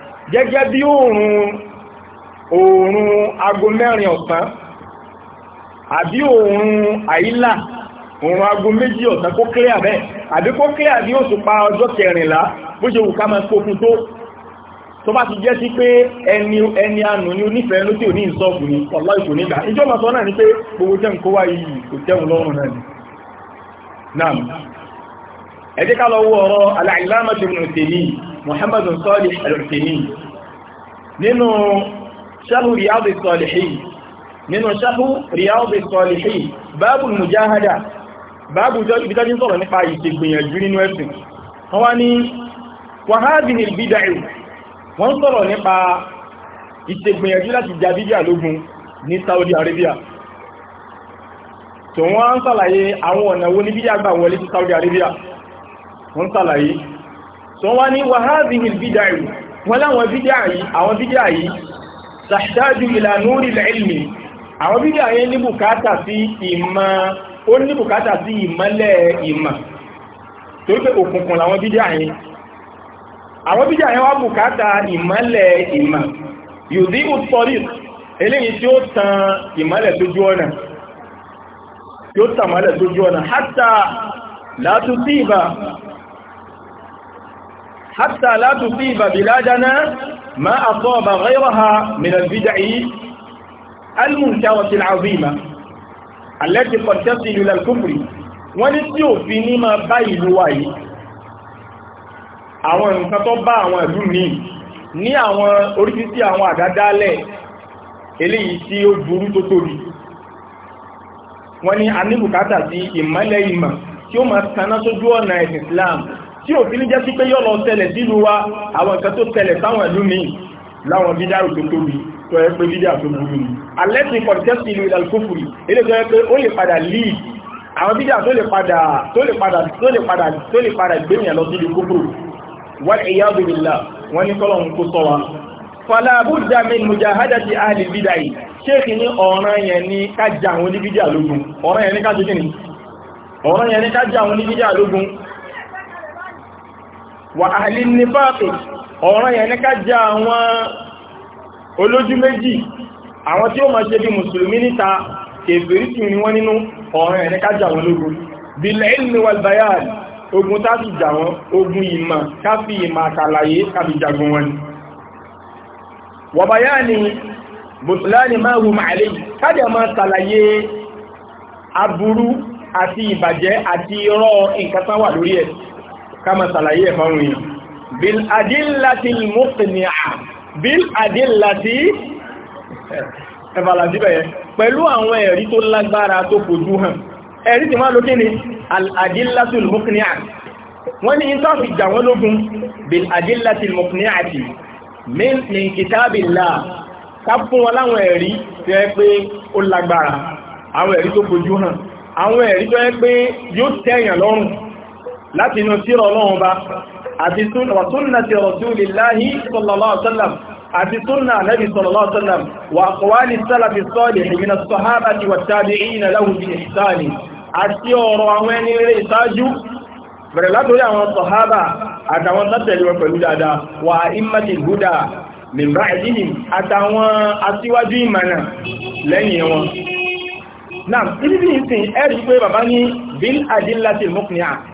gẹ́gẹ́ bí oòrùn oòrùn aago mẹ́rin ọ̀sán àbí oòrùn àìlà oòrùn aago méjì ọ̀sán kó kílẹ̀ àbẹ́ àbí kó kílẹ̀ àbí òṣùpá ọjọ́ kẹrìnlá bó ṣe wù ká máa kókun tó tó bá ti jẹ́ sí pé ẹni ẹni ànù ni onífẹ̀ẹ́ ló tí ò ní ìsọ́ọ̀bù ni ọ̀lá ìkò nígbà ìjọba sọ náà ni pé gbogbo jẹ́ nǹkó wá yìí kò jẹun lọ́rùn náà ni ẹ jẹ́ ká lọ wo ọ̀rọ̀ al-Allāmah Ibn Uthaymeen Muhammad nínú Sharh Riyāḍ as-Ṣāliḥīn nínú Sharh Riyāḍ as-Ṣāliḥīn bābu al báàbù Saudi Arabia wọ́n ń sàlàyé àwọn ọ̀nà wo ní wọlé sí Saudi Arabia wọ́n sàlàyé tó wá ní wàhábí bídá yìí wọ́n láwọn bídá yìí àwọn bídá yìí sàṣájú ìlà núrì ilmi àwọn bídá yìí ní bùkátà sí ìmọ̀ ó ní bùkátà sí ìmọ́lẹ̀ ìmọ̀ torí pé òkùnkùn làwọn bídá yìí àwọn bídá yìí wá bùkátà ìmọ́lẹ̀ ìmọ̀ yòdí ìtọ́rí eléyìí tí ó tan hátà látútí ìbá حتى لا tusiba بلادنا ما أصاب غيرها من al-bid'i العظيمة التي قد azima allati qad tasilu ila al-kufri wọ́n ní tí òfin ní máa bá ìlú wa yìí àwọn nǹkan tó bá àwọn ìlú ní ní àwọn orísìí àwọn àdádálẹ̀ eléyìí tí ó burú tó tóbi wọ́n ní a ní bùkátà sí ìmọ́lẹ̀ ìmọ̀ tí ó máa taná ọ̀nà ẹ̀sìn Islam tí òfin ní jẹ́ sí pé yọ́ lọ tẹ̀lẹ̀ sílùú wa àwọn nǹkan tó tẹ̀lẹ̀ sáwọn ìlú mi láwọn bídíà tó tóbi tó ẹ pé bídíà tó burú ni alẹ́sìn kọ̀dítẹ́sì ìlú ìdàlùkúfùrì ilé tó yẹ pé ó lè padà líì àwọn bídíà tó lè padà tó lè padà tó lè padà tó lè padà gbéyàn lọ sílùú kúfùrù wal iyadu billah wọ́n ní kọ́lọ̀ ń kó sọ wa fala budda min mujahadati ahli bídà yìí ṣéèkì ní ọ̀ràn yẹn ní ká jà àwọn oníbídíà lógun ọ̀ràn yẹn ní ká wà ahli nífàkì ọ̀ràn yẹn ní ká já àwọn olójú méjì àwọn tí ó máa ṣe bí mùsùlùmí níta kèfèrí tí ni wọ́n nínú ọ̀ràn yẹn ní ká já wọn lógun bil ilmi wal bayan ogun tá sì jà wọn ogun ìmọ̀ ká fi ìmọ̀ àkàlàyé ká jagun wọn ni wà bayani bùtùláni máa hù màálé kájà máa ṣàlàyé aburú àti ìbàjẹ́ àti irọ́ nǹkan lórí ẹ̀ kama ṣàlàyé ẹ̀ fáwọn èèyàn bil adillati al-muqni'a bil adillati ẹ̀fàlàjí bẹ̀yẹ pẹ̀lú àwọn ẹ̀rí tó lágbára tó fojú hàn ẹ̀rí ti máa lókè ní al-adillati al-muqni'a wọ́n ní ìtàfi jà wọ́n lógún bil adillati al-muqni'ati min kitabillah ká fún wọn láwọn ẹ̀rí tó yẹ pé ó lágbára àwọn ẹ̀rí tó fojú hàn àwọn ẹ̀rí tó yẹ pé yóò tẹ́yàn láti inú síra ọlọ́run bá àti súnnà ti rasulillahi sallallahu alaihi wasallam àti súnnà nabi sallallahu alaihi wasallam wa aqwali salafi salihin min as-sahabati wat-tabi'ina lahum bi ihsani àti ọ̀rọ̀ àwọn ẹni rere ìsáájú bẹ̀rẹ̀ látorí àwọn sọ̀hábà àtàwọn tàtẹ̀lẹ̀ wọn pẹ̀lú dáadáa wà ìmọ̀tí gúdà mìíràn ìdíhìn àtàwọn aṣíwájú ìmọ̀nà lẹ́yìn ibi bí ìsìn ẹ̀rí pé bàbá ní bil adillati mukni'a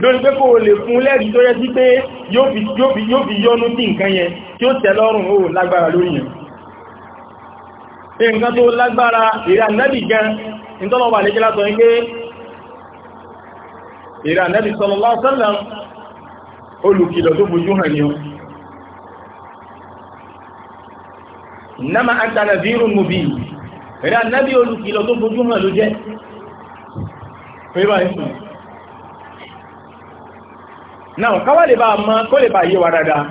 lórí pé kò lè fún lẹ́rìí tó yẹ sí pé yóò fi yọnu sí nǹkan yẹn tí ó tẹ́ lọ́rùn ó lágbára lórí yẹn nǹkan tó lágbára ìrà nẹ́bì gan ìtọ́lọ́wà ní kílá sọ ń pé ìrà nẹ́bì sallallahu alaihi wasallam olùkìlọ̀ tó fojú hàn ní ọ nama anta nadhirun mubin ìrà nẹ́bì olùkìlọ̀ tó fojú hàn ló náà káwà lè bá ma kó lè bá yé wa dáadáa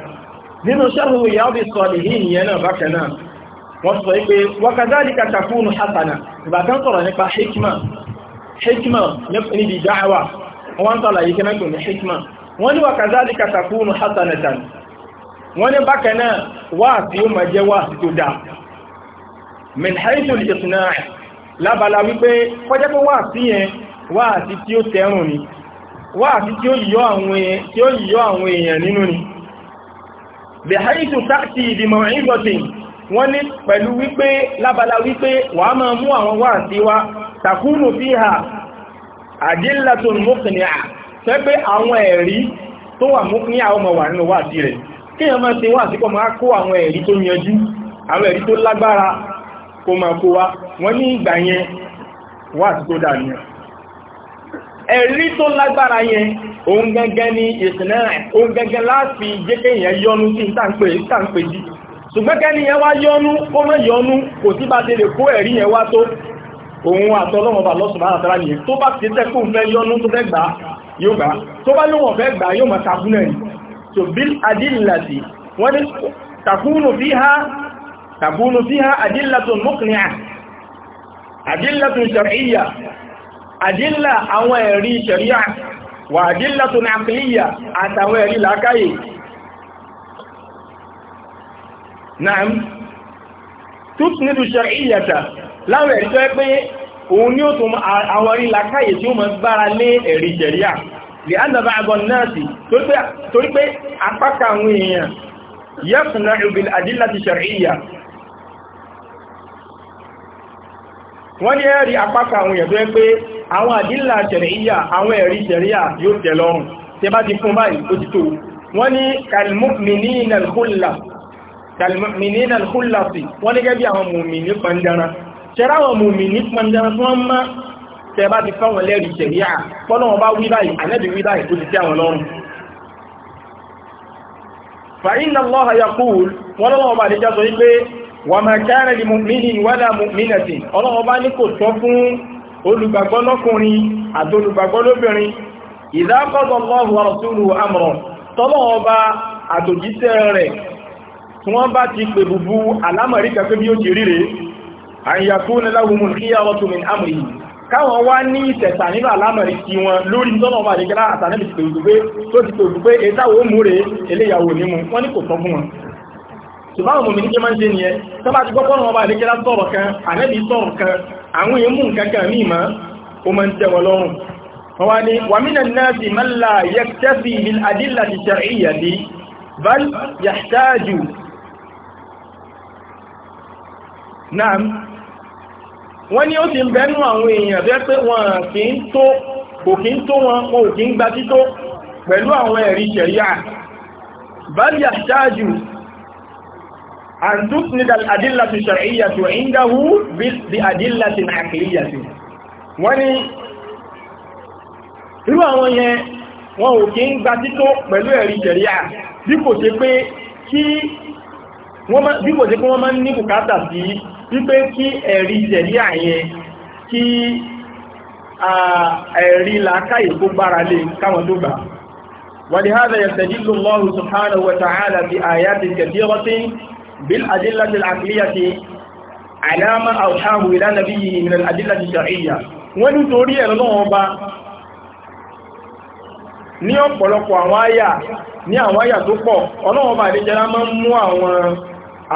nínú sharhu Riyadhi Salihin ìyẹn náà bákan náà wọ́n sọ pé wa kadhalika takunu hasana ìbátan sọ̀rọ̀ nípa hikma hikma níbi da'wa wọ́n tọ́lá yìí ní hikma wọ́n ní wa kadhalika takunu hasanatan wọ́n ní bákan náà min haythu al-isna' lábala wípé kọjá pé wá sí yẹn wá wá àti tí ó yíyọ́ e, àwọn èèyàn nínú ni bí haìtù tààtì ìdìmọ̀ ìgbọ̀tìn wọ́n ní pẹ̀lú wípé lábala wípé wà á máa mú àwọn wá àti wá takúnù fi ha àdílàtún mọ́kànlá fẹ́ pé àwọn ẹ̀rí tó wà mọ́kànlá àwọn ọmọ wà nínú wá àti rẹ̀ kí èèyàn máa ṣe wá àti kọ́ máa kó àwọn ẹ̀rí tó yanjú àwọn ẹ̀rí tó lágbára kó máa kó wá wọ́n ní ìgbà yẹn wá àti tó dà nìyàn ẹ̀rí tó lágbára yẹn òun gẹ́gẹ́ ní ìsìnà òun gẹ́gẹ́ láti jẹ́kẹ́ yẹn yọnu sí ìtànpé ìtànpé jí ṣùgbọ́n kẹ́ni yẹn wá yọnu kó mọ́ yọnu kò sí bá délé kó ẹ̀rí yẹn wá tó òun àtọ́lọ́mọba lọ́sùnmọ́ àtàrà yìí tó bá ti tẹ́kùn fẹ́ yọnu tó fẹ́ àdílà àwọn ẹ̀rí ṣẹ̀ríà wà àdílà tó ní àkìlíyà àtàwọn ẹ̀rí làákàyè náà tún nínú ṣẹ̀ríyàtà láwọn ẹ̀rí tó ẹ pé òun ni ó tún àwọn ẹ̀rí làákàyè tí ó mọ̀ gbára lé ẹ̀rí ṣẹ̀ríà wọ́n ní ẹ̀rí apáka àwọn èèyàn tó yẹ pé àwọn àdílà ṣẹ̀ríyà àwọn ẹ̀rí ṣẹ̀ríyà yóò tẹ̀ lọ́rùn tẹ bá ti fún báyìí ó ti tó wọ́n ní kalmu'minina al wọ́n ní gẹ́bí pandana ṣẹ́rá àwọn mùmìnì pandana tí wọ́n má tẹ bá ti fáwọn lẹ́rí ṣẹ̀ríyà pọ́nà wọn bá wí báyìí àlẹ́bí wí báyìí wà máa káàrẹ̀ lè mọ̀mínì wádà mọ̀mínàtì ọlọ́wọ́ bá ní kò tọ́ fún olùgbàgbọ́ lọ́kùnrin àti olùgbàgbọ́ lóbìnrin ìdákọ́dọ̀lọ́hù àrọ̀sùlù àmọ̀rọ̀ tọ́lọ́wọ́ bá àtòjíṣẹ́ rẹ̀ tí wọ́n bá ti pè bùbú alámọ̀rí kàfẹ́ bí ó ti ríre àyàkún láhùmùn kí yàwó tó min àmì káwọn wá ní ìtẹ̀sà nínú alámọ̀rí tí wọn lórí tọ́lọ́wọ́ àdégbélá àtàlẹ́bì tó ti pè bùbú pé ètàwó ṣùgbọ́n àwọn òmìnir jẹ́ máa ń ṣe nìyẹn tó bá ti gbọ́ pọ́nà ọba àdékẹ́lá sọ̀rọ̀ kan ànẹ́bí sọ̀rọ̀ kan àwọn èèyàn mú ní ìmọ̀ ó máa ń tẹ́ lọ́rùn wọ́n wá ní la yẹ́kẹ́fì bil adilla ti ṣàríyà di bal yahtaju naam wọ́n ní ó ti ń bẹ́nu àwọn èèyàn bẹ́ẹ̀ pé wọn kì í tó kò kí ń tó wọn wọn ò kí ń gba tító pẹ̀lú àwọn ẹ̀rí ṣẹ̀ríyà bal yahtaju أن تسند الأدلة الشرعية عنده بأدلة عقلية wọ́n ní irú àwọn yẹn wọn ò kí ń gba tító pẹ̀lú ẹ̀rí ṣẹ̀ríà bí kò ṣe pé kí wọ́n máa ń ní bùkátà sí wípé kí ẹ̀rí ṣẹ̀ríà yẹn kí ẹ̀rí làákàyè kó gbára lé káwọn tó gbà ولهذا يستدل الله سبحانه بالأدلة العقلية على ما أوحاه إلى نبيه من الأدلة الشرعية ونتوري الغنبة ní ọ̀pọ̀lọpọ̀ àwọn àyà ní àwọn àyà tó pọ̀ ọlọ́wọ́n bá àdéjẹ́lá máa ń mú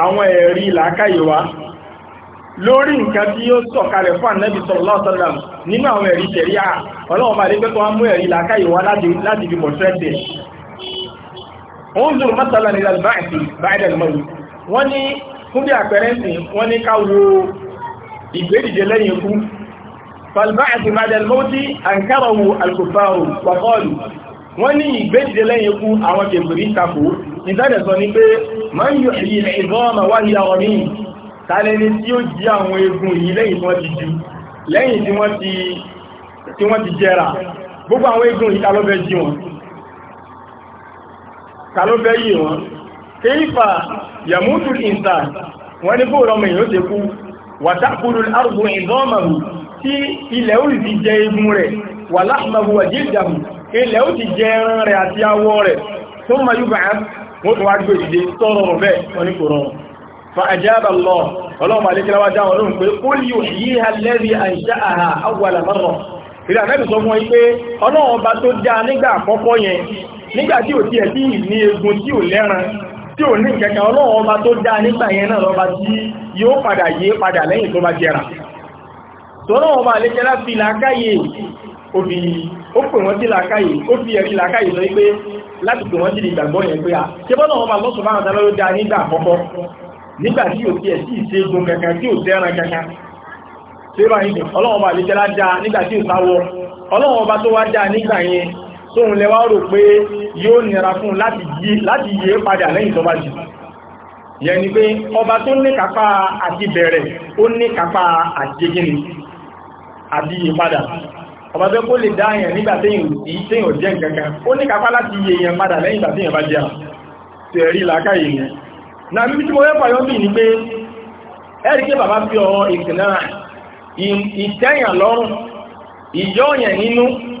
àwọn ẹ̀rí làákàyèwá lórí nǹkan tí ó sọ̀kalẹ̀ fún ànábì sallallahu alaihi wasallam nínú àwọn ẹ̀rí ṣẹ̀ríà ọlọ́wọ́n bá àdéjẹ́kọ́ wá mú ẹ̀rí làákàyèwá láti wọ́n ní fún bí àpẹẹrẹ sí wọ́n ní ká wo ìgbédìde lẹ́yìn ikú falbáàtì madalmọ́tí àǹkárọ̀wò alkùfààrù pàkọ́ọ̀lù wọ́n ní ìgbédìde lẹ́yìn ikú àwọn kèbìrí takò ìdádẹ̀sọ ni pé ma ń yọ èyí ìbọ́ọ̀mà wá ní àwọn míì tàlẹ́ni tí ó jí àwọn egun yìí lẹ́yìn tí wọ́n ti kéfà yàmútù ìsà wọ́n ní bóòrọ̀ ọmọ èèyàn ó tẹ́kú wàtàkùrù arùgbò ìdánmàrù tí ilẹ̀ ó ti jẹ egun rẹ̀ wà láàmàrù wà jíjàmù ilẹ̀ ó ti jẹ ẹran rẹ̀ àti awọ rẹ̀ tó ma yúbà wọ́n tó wá gbé ìdè tọ́rọ̀ bẹ́ẹ̀ wọ́n ní kò rọrùn fa àjábà lọ ọlọ́run àlékẹ́lá wá dáwọn lóhùn pé ó lè yí ha lẹ́rí àìṣá àhà àwàlà mọ́rọ̀ ìrìn àmẹ́bì sọ fún ipé ọlọ́run ọba tó dá nígbà àkọ́kọ́ yẹn nígbà tí ò tí ẹ̀ tí ní egun tí ò lẹ́ran tí ò ní ìkẹ́kẹ́ ọlọ́run ọba tó dáa nígbà yẹn náà lọ́ba tí yóò padà yé padà lẹ́yìn tó bá jẹrà tọ́lọ́run ọba àlékẹ́lá fi làákàyè òbí ó pè wọ́n sí làákàyè ó fi ẹ̀rí làákàyè sọ pé láti pè wọ́n sí ìgbàgbọ́ yẹn pé à ṣe bọ́lọ̀ ọba lọ́sùn bá wọn ló dáa nígbà àkọ́kọ́ nígbà tí ò tiẹ̀ sí ìṣègùn kankan tí ò sóhun lẹ́wà rò pé yóò nira fún láti yé padà lẹ́yìn tó bá jù yẹ ni pé ọba tó ní kápá àti bẹ̀rẹ̀ ó ní kápá àti gíní àti yé padà ọba tó kó lè dá èèyàn nígbà téèyàn jẹ́ nǹkankan ó ní kápá láti yé èèyàn padà lẹ́yìn ìgbà téèyàn bá jẹ́ à tẹ̀rí làákàyè yẹn na bíbí tí mo rẹ́ pàyọ́ bì ní pé ẹ̀rí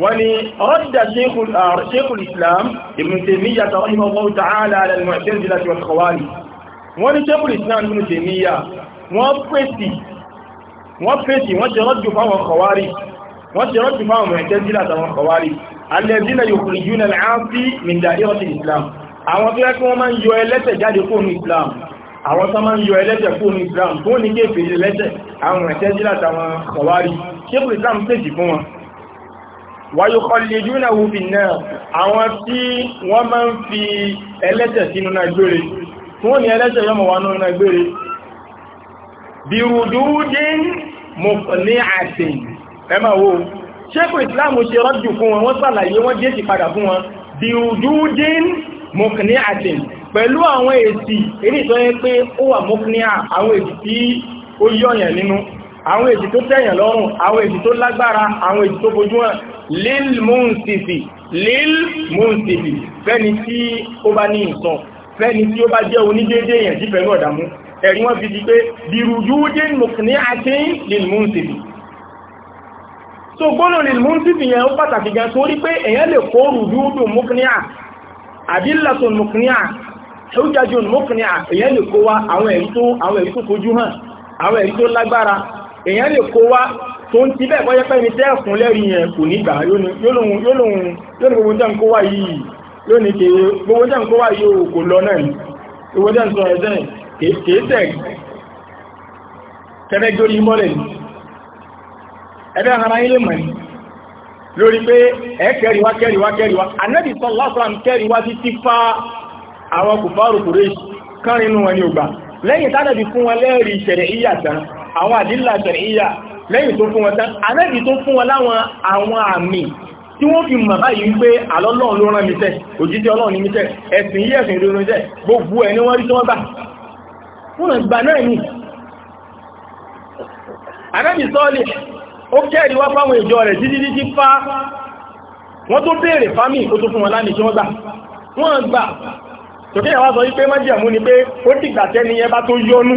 ولي رد شيخ شيخ الإسلام ابن تيمية رحمه الله تعالى على المعتزلة والخوارج ولي شيخ الإسلام ابن تيمية وفيتي وفيتي وشرد فهو الخوارج وشرد فهو المعتزلة والخوارج الذين يخرجون العاصي من دائرة الإسلام àwọn tó yẹ kí wọ́n máa ń yọ ẹlẹ́tẹ̀ jáde fóònù Islam àwọn tó máa ń yọ ẹlẹ́tẹ̀ fóònù Islam fóònù kéfèé lẹ́tẹ̀ àwọn ẹ̀tẹ́jílá àtàwọn kọwárí ṣékùn Islam tèjì fún wọn wàyíkọlẹ̀dúnà wùfì náà àwọn tí wọ́n máa ń fi ẹlẹ́tẹ̀ sínú náà gbére fún ní ẹlẹ́tẹ̀ yọmọ̀ wà náà náà gbére bìrùdúdín mọ̀fọ̀ní àṣìn ẹmà wo ṣékù ìsìláàmù ṣe rọ́jù fún wọn wọ́n sàlàyé wọ́n jẹ́ sì padà fún wọn bìrùdúdín mọ̀fọ̀ní àṣìn pẹ̀lú àwọn èsì èdè tó yẹ pé ó wà mọ̀fọ̀ní àwọn èsì tí ó yọ̀yàn lọ́rùn àwọn èsì tó lágbára àwọn èsì tó fojú hàn lilmunsifi lilmunsifi fẹ́ni tí ó bá ní ìsọ fẹ́ni tí ó bá jẹ́ onídéédé èèyàn tí fẹ́nu ọ̀dàmú ẹ̀rí wọ́n fi di pé birujudin muqni'atin lilmunsifi so gbọ́nà lilmunsifi yẹn ó pàtàkì gan sórí pé èèyàn lè kó rùjúdù muqni'a àdílàtún muqni'a hujjatun muqni'a èèyàn lè kó wa àwọn ẹ̀rí tó fojú hàn àwọn ẹ̀rí tó lágbára èèyàn lè kó wá tó ń ti bẹ́ẹ̀ bọ́ yẹ́pẹ́ ní tẹ́ẹ̀fún lẹ́rí yẹn kò nígbà yóò ní gbogbo jẹ́ ń kó wá yìí yóò ní kèé gbogbo jẹ́ ń kó wá yìí kò lọ náà ní gbogbo jẹ́ ń sọ ẹ̀sẹ̀ kèé tẹ̀ kẹ́rẹ́ jórí mọ́lẹ̀ ní ẹ̀dẹ́ ara ilé mọ̀ ní lórí pé ẹ kẹ́rìwá kẹ́rìwá kẹ́rìwá anẹ́bì sọ lásán kẹ́rìwá ti fa àwọn kòfàrò kòrè kánrinú wọn ní ògbà lẹ́yìn tánàbì fún wọn lẹ́rìí ìṣẹ̀lẹ̀ ìyàtàn àwọn àdílà ṣẹ̀ríyà lẹ́yìn tó fún wọn tán anẹ́bì tó fún wọn láwọn àwọn àmì tí wọ́n fi mọ̀ báyìí wípé àlọ́lọ́run ló rán mi tẹ́ òjíṣẹ́ ọlọ́run ní mi tẹ́ ẹ̀sìn yí ẹ̀sìn ìrìnrìn tẹ́ gbogbo ẹ̀ ni wọ́n rí tí wọ́n gbà fún ẹ̀gbà náà ni anẹ́bì sọ́ọ̀lì ó kẹ́rì wá fáwọn ìjọ rẹ̀ títí títí fá wọ́n tó béèrè fámì ó tó fún wọn lámì tí wọ́n gbà wọ́n gbà tòkè yà wá sọ wípé májẹ̀mú ni pé ó ti gbà tẹ́ni yẹn bá tó yọnu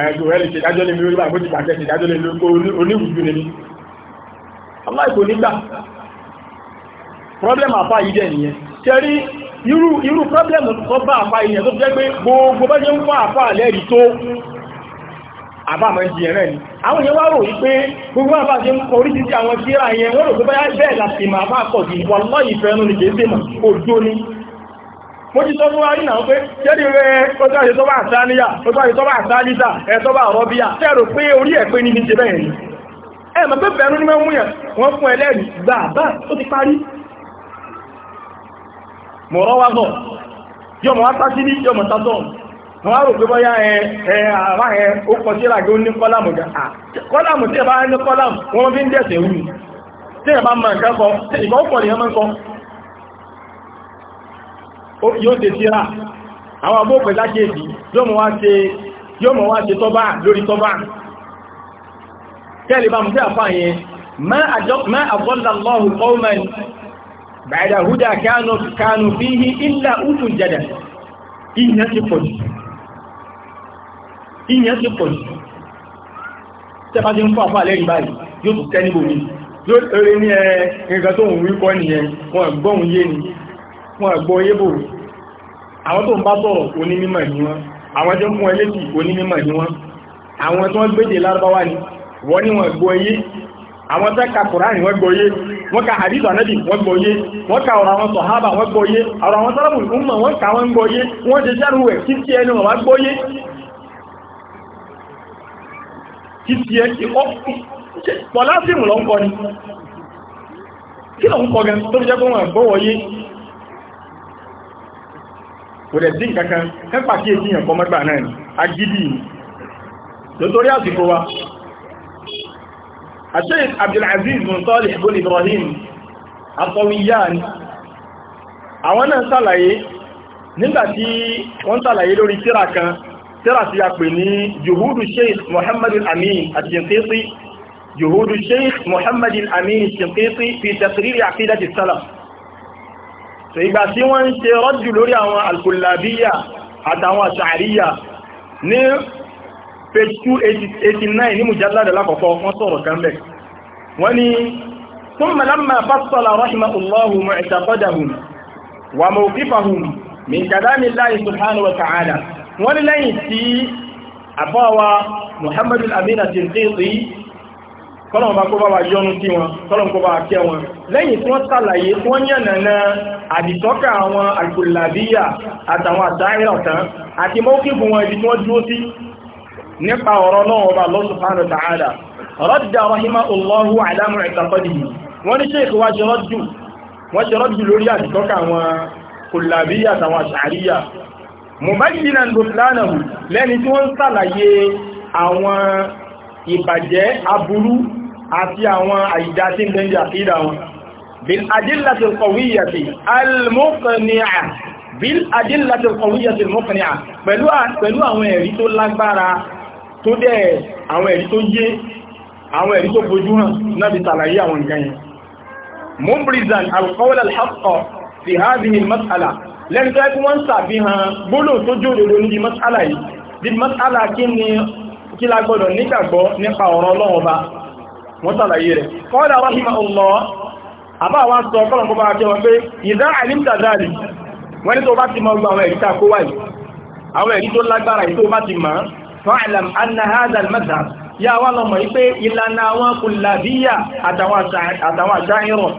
ẹgbẹ̀rẹ̀ lè ṣèdájọ́ lè mìíràn bó ti pàtẹ́ ṣèdájọ́ lè oníwùjú lè ní ọlá ìkò nígbà problem àpá yìí dẹ̀ nìyẹn tẹ́rí irú problem tó bá àpá yìí tó jẹ́ pé gbogbo bá jẹ́ ń fún àpá lẹ́rí tó àbámọ́ ìjìyàn rẹ̀ ni àwọn èèyàn wá rò wípé gbogbo àpá jẹ́ ń kọ oríṣiríṣi àwọn kíra yẹn wọ́n rò pé bẹ́ẹ̀ láti mọ̀ àpá kọ̀ sí wọ́n lọ́yìn fẹ́nu ní kéèsè mọ̀ òjò ni mo ti sọ fún wa rí náà pé jẹ́rì rẹ̀ ọjọ́ àṣẹ tó bá àṣáníyà ọjọ́ àṣẹ tó bá àṣáníṣà ẹ̀ tó bá ọ̀rọ̀ bíyà tẹ́rò pé orí ẹ̀ pé níbi ṣe bẹ́ẹ̀ ni ẹ mọ̀ pé bẹ̀rù ní mẹ́mú yẹn wọ́n fún ẹlẹ́rìí gbà bá ó ti parí mọ̀rọ̀ wa bọ̀ yọmọ wa sásí ní yọmọ sásọ̀ wọ́n á rò pé bọ́yá ẹ ẹ àwa ẹ ó kọ sí ìràgé ó ní kọ́làmù gan à kọ́làmù tí ẹ bá ní kọ́làmù wọ́n fi ń dẹ̀sẹ̀ wù tí ẹ bá mọ nǹkan kọ ìgbà ó pọ̀ nìyẹn máa ń kọ yóò ṣe síra àwọn abóòpẹ̀ lákèèdì yóò mọ̀ wá ṣe tọ́bá lórí tọ́bá kẹ́lẹ̀ bá mú sí àfá yẹn ma àjọ́lọ́hù qawman ba'da huda kanu fihi illa utul jada ìyẹn ti pọ̀ jù ìyẹn ti pọ̀ jù tẹ́fà ti ń fún àfá lẹ́rìn báyìí yóò tún ní fún ẹgbọ́ yébò àwọn tó ń bá sọ̀rọ̀ onímímọ̀ ni wọ́n àwọn tó ń fún ẹlẹ́sì onímímọ̀ ni wọ́n àwọn tó ń gbédè lárúbáwá ni wọ́n ní wọ́n gbọ́ yé àwọn tó ka kùránì wọ́n gbọ́ yé wọ́n ka hadith anabi wọ́n gbọ́ yé wọ́n ka ọ̀rọ̀ àwọn sọ̀hábà wọ́n gbọ́ yé ọ̀rọ̀ àwọn sálábù ìfúnmọ̀ wọ́n ka wọ́n gbọ́ yé wọ́n ṣe sẹ́rù ẹ̀ títí ẹni wọ́n wá gbọ́ yé títí ẹ pọ̀lásìmù lọ ń kọ ni kí lọ ń kọ gan tó fi jẹ́ pé wọ́n gbọ́wọ́ yé kò rẹ̀ sí nǹkankan ẹ́pà kí èsì yàn kọmọ́gbà náà ni agídí lótórí àsìkò wa àṣẹ́yìn Abdulaziz bin Salih bin Ibrahim Atawiyyan àwọn náà sàlàyé nígbàtí wọ́n sàlàyé lórí tíra kan tíra tí a ní juhudu sheikh Muhammad amin al-Shinqiti juhudu sheikh Muhammad amin al fi taqrir aqidati salaf so ìgbà tí wọ́n ń ṣe rọ́jù lórí àwọn alkùnlàbíyà àtàwọn àṣàríyà ní page 289 ní mùjálàdà lákọ̀ọ́kọ́ wọ́n sọ̀rọ̀ kan bẹ̀ wọ́n ni thumma lamma fassala rahimahullahu mu'taqadahum wa mawqifahum min kalami Allahi kọ́lọ̀n bá kó bá wa yọ́nú tí wọn kọ́lọ̀n kó bá wa kẹ́ wọn lẹ́yìn tí wọ́n sàlàyé tí wọ́n yànnàna àdìsọ́kà àwọn alkùnlàbíyà àtàwọn àdáyìnrà tán àti mọ́kífù wọn ibi tí wọ́n dúró sí nípa ọ̀rọ̀ náà ọba Allah subhanahu wa ta'ala radda rahimahullahu ala mu'taqadihi wọ́n ní sheikh wa ṣe ìbàjẹ́ aburú àti àwọn àìdá tí ń dẹ́ndì àkídà wọn bil adillati alqawiyyati almuqni'a bil adillati alqawiyyati almuqni'a pẹ̀lú àwọn ẹ̀rí tó lágbára tó dẹ̀ àwọn ẹ̀rí tó yé àwọn ẹ̀rí tó bojú hàn náà bí tàlàyé àwọn nǹkan yẹn mubrizan alqawl alhaqqa fi hadhihi almas'ala lẹ́nu tó ẹkùn wọ́n sàfihàn gbólò tó jòdòdó ní mas'ala yìí bí kí lágbọ́dọ̀ nígbàgbọ́ nípa ọ̀rọ̀ Ọlọ́run ọba wọ́n sàlàyé rẹ̀ kọ́lá rahima Allah àbá wa sọ kọ́lọ̀ kọ́ bá jẹ́ wọn pé ìdá àìlímta dáàlì wọ́n ní tó bá ti mọ gbogbo àwọn ẹ̀ríta kó wáyìí àwọn ẹ̀rí tó lágbára yìí tó bá ti mọ̀ fa'lam anna hadha al-madhhab yá wá lọ mọ̀ pé ìlànà àwọn kùlàbíyà àtàwọn àṣáyìnrọ̀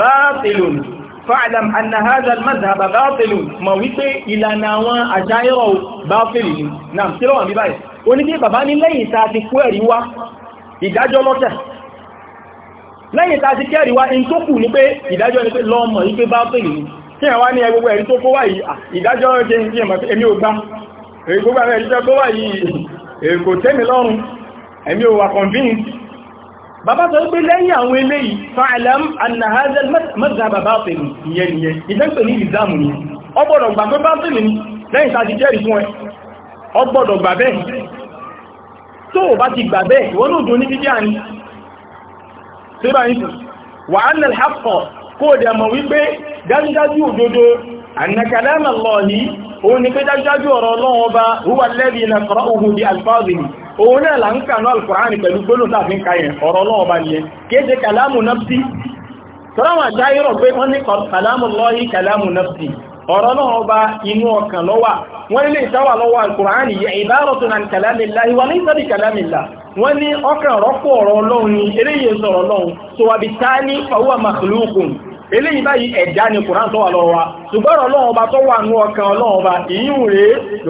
báàtìlùn fa'lam anna hadha al-madhhab báàtìlùn mọ̀ wípé ìlànà àwọn àṣáyìnrọ̀ báàtìlùn náà tí lọ́wọ́ bí báyìí lẹ́yìn ta ti kẹ́rì wá in tó kù ní pé ìdájọ́ ní pé lọ́mọ̀ ní pé bá pè ní kí ẹ̀wá ní ẹgbogbo ẹ̀rí tó kó wá yìí ìdájọ́ jẹ́ ní ẹmọ̀ èmi ò gbá gbogbo ẹ̀rí tó kó wá yìí kò tẹ́mi lọ́rùn èmi ò wà convinced bàbá sọ pé lẹ́yìn àwọn eléyìí fa'alam anna hadha al-madhhab batil ìyẹn ìyẹn ìdẹ́pẹ̀ ní ìzámù ni ọgbọ́dọ̀ gbà pé batil ni lẹ́yìn ta ti jẹ́rì fún ẹ ọgbọ́dọ̀ gbà bẹ́ẹ̀ tó bá ti gbà bẹ́ẹ̀ ìwọ́n ló dún ní bíbí àní síbà yìí wà á nílẹ̀ hapọ̀ kó dẹ̀ mọ̀ wípé dájúdájú òdodo ànàkàlámà lọ́ọ̀ni òun ni pé dájúdájú ọ̀rọ̀ ọlọ́wọ́ bá wúwà lẹ́bí na sọ̀rọ̀ ohun bí alfáàzìlì òun náà là ń kànú alkùránì pẹ̀lú gbólóhùn láàfin kayẹ̀ ọ̀rọ̀ ọlọ́wọ́ bá ọ̀rọ̀ náà ọba inú ọkàn lọ́wà wọ́n ilé ìtawà lọ́wọ́ alkùnrán yẹ ibaratun an kalamillahi wọ́n ní ọkàn rọ́pò ọ̀rọ̀ ọlọ́run ni eléyìí sọ̀rọ̀ ọlọ́run tó wà bí tání eléyìí báyìí ni tó wà ọlọ́run ọba tó wà nú ọkàn ọlọ́run ọba lọ́wọ́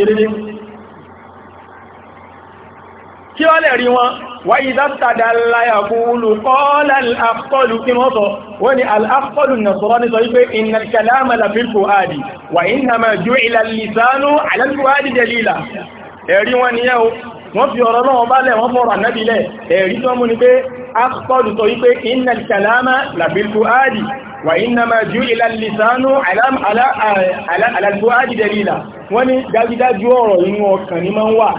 ìlú fi kí wọ́n lè rí wọn wáyé dáftàdà aláyàkúlù kọ́ọ̀lá al'akọlù kí wọ́n sọ wọ́n ni al'akọlù na sọ́rọ̀ ní sọ wípé iná kalama lafilfo adi wà iná ma jú ìlàlìsánú alẹ́lúwádìí dalila ẹ̀rí wọn ni yẹ́ wọ́n fi ọ̀rọ̀ náà bá lẹ̀ wọ́n fọ́rọ̀ ànábìlẹ̀ ẹ̀rí tó وإنما جعل اللسان على على على على الفؤاد دليلا wọ́n ní dájúdájú ọ̀rọ̀ inú ọkàn ni máa ń wà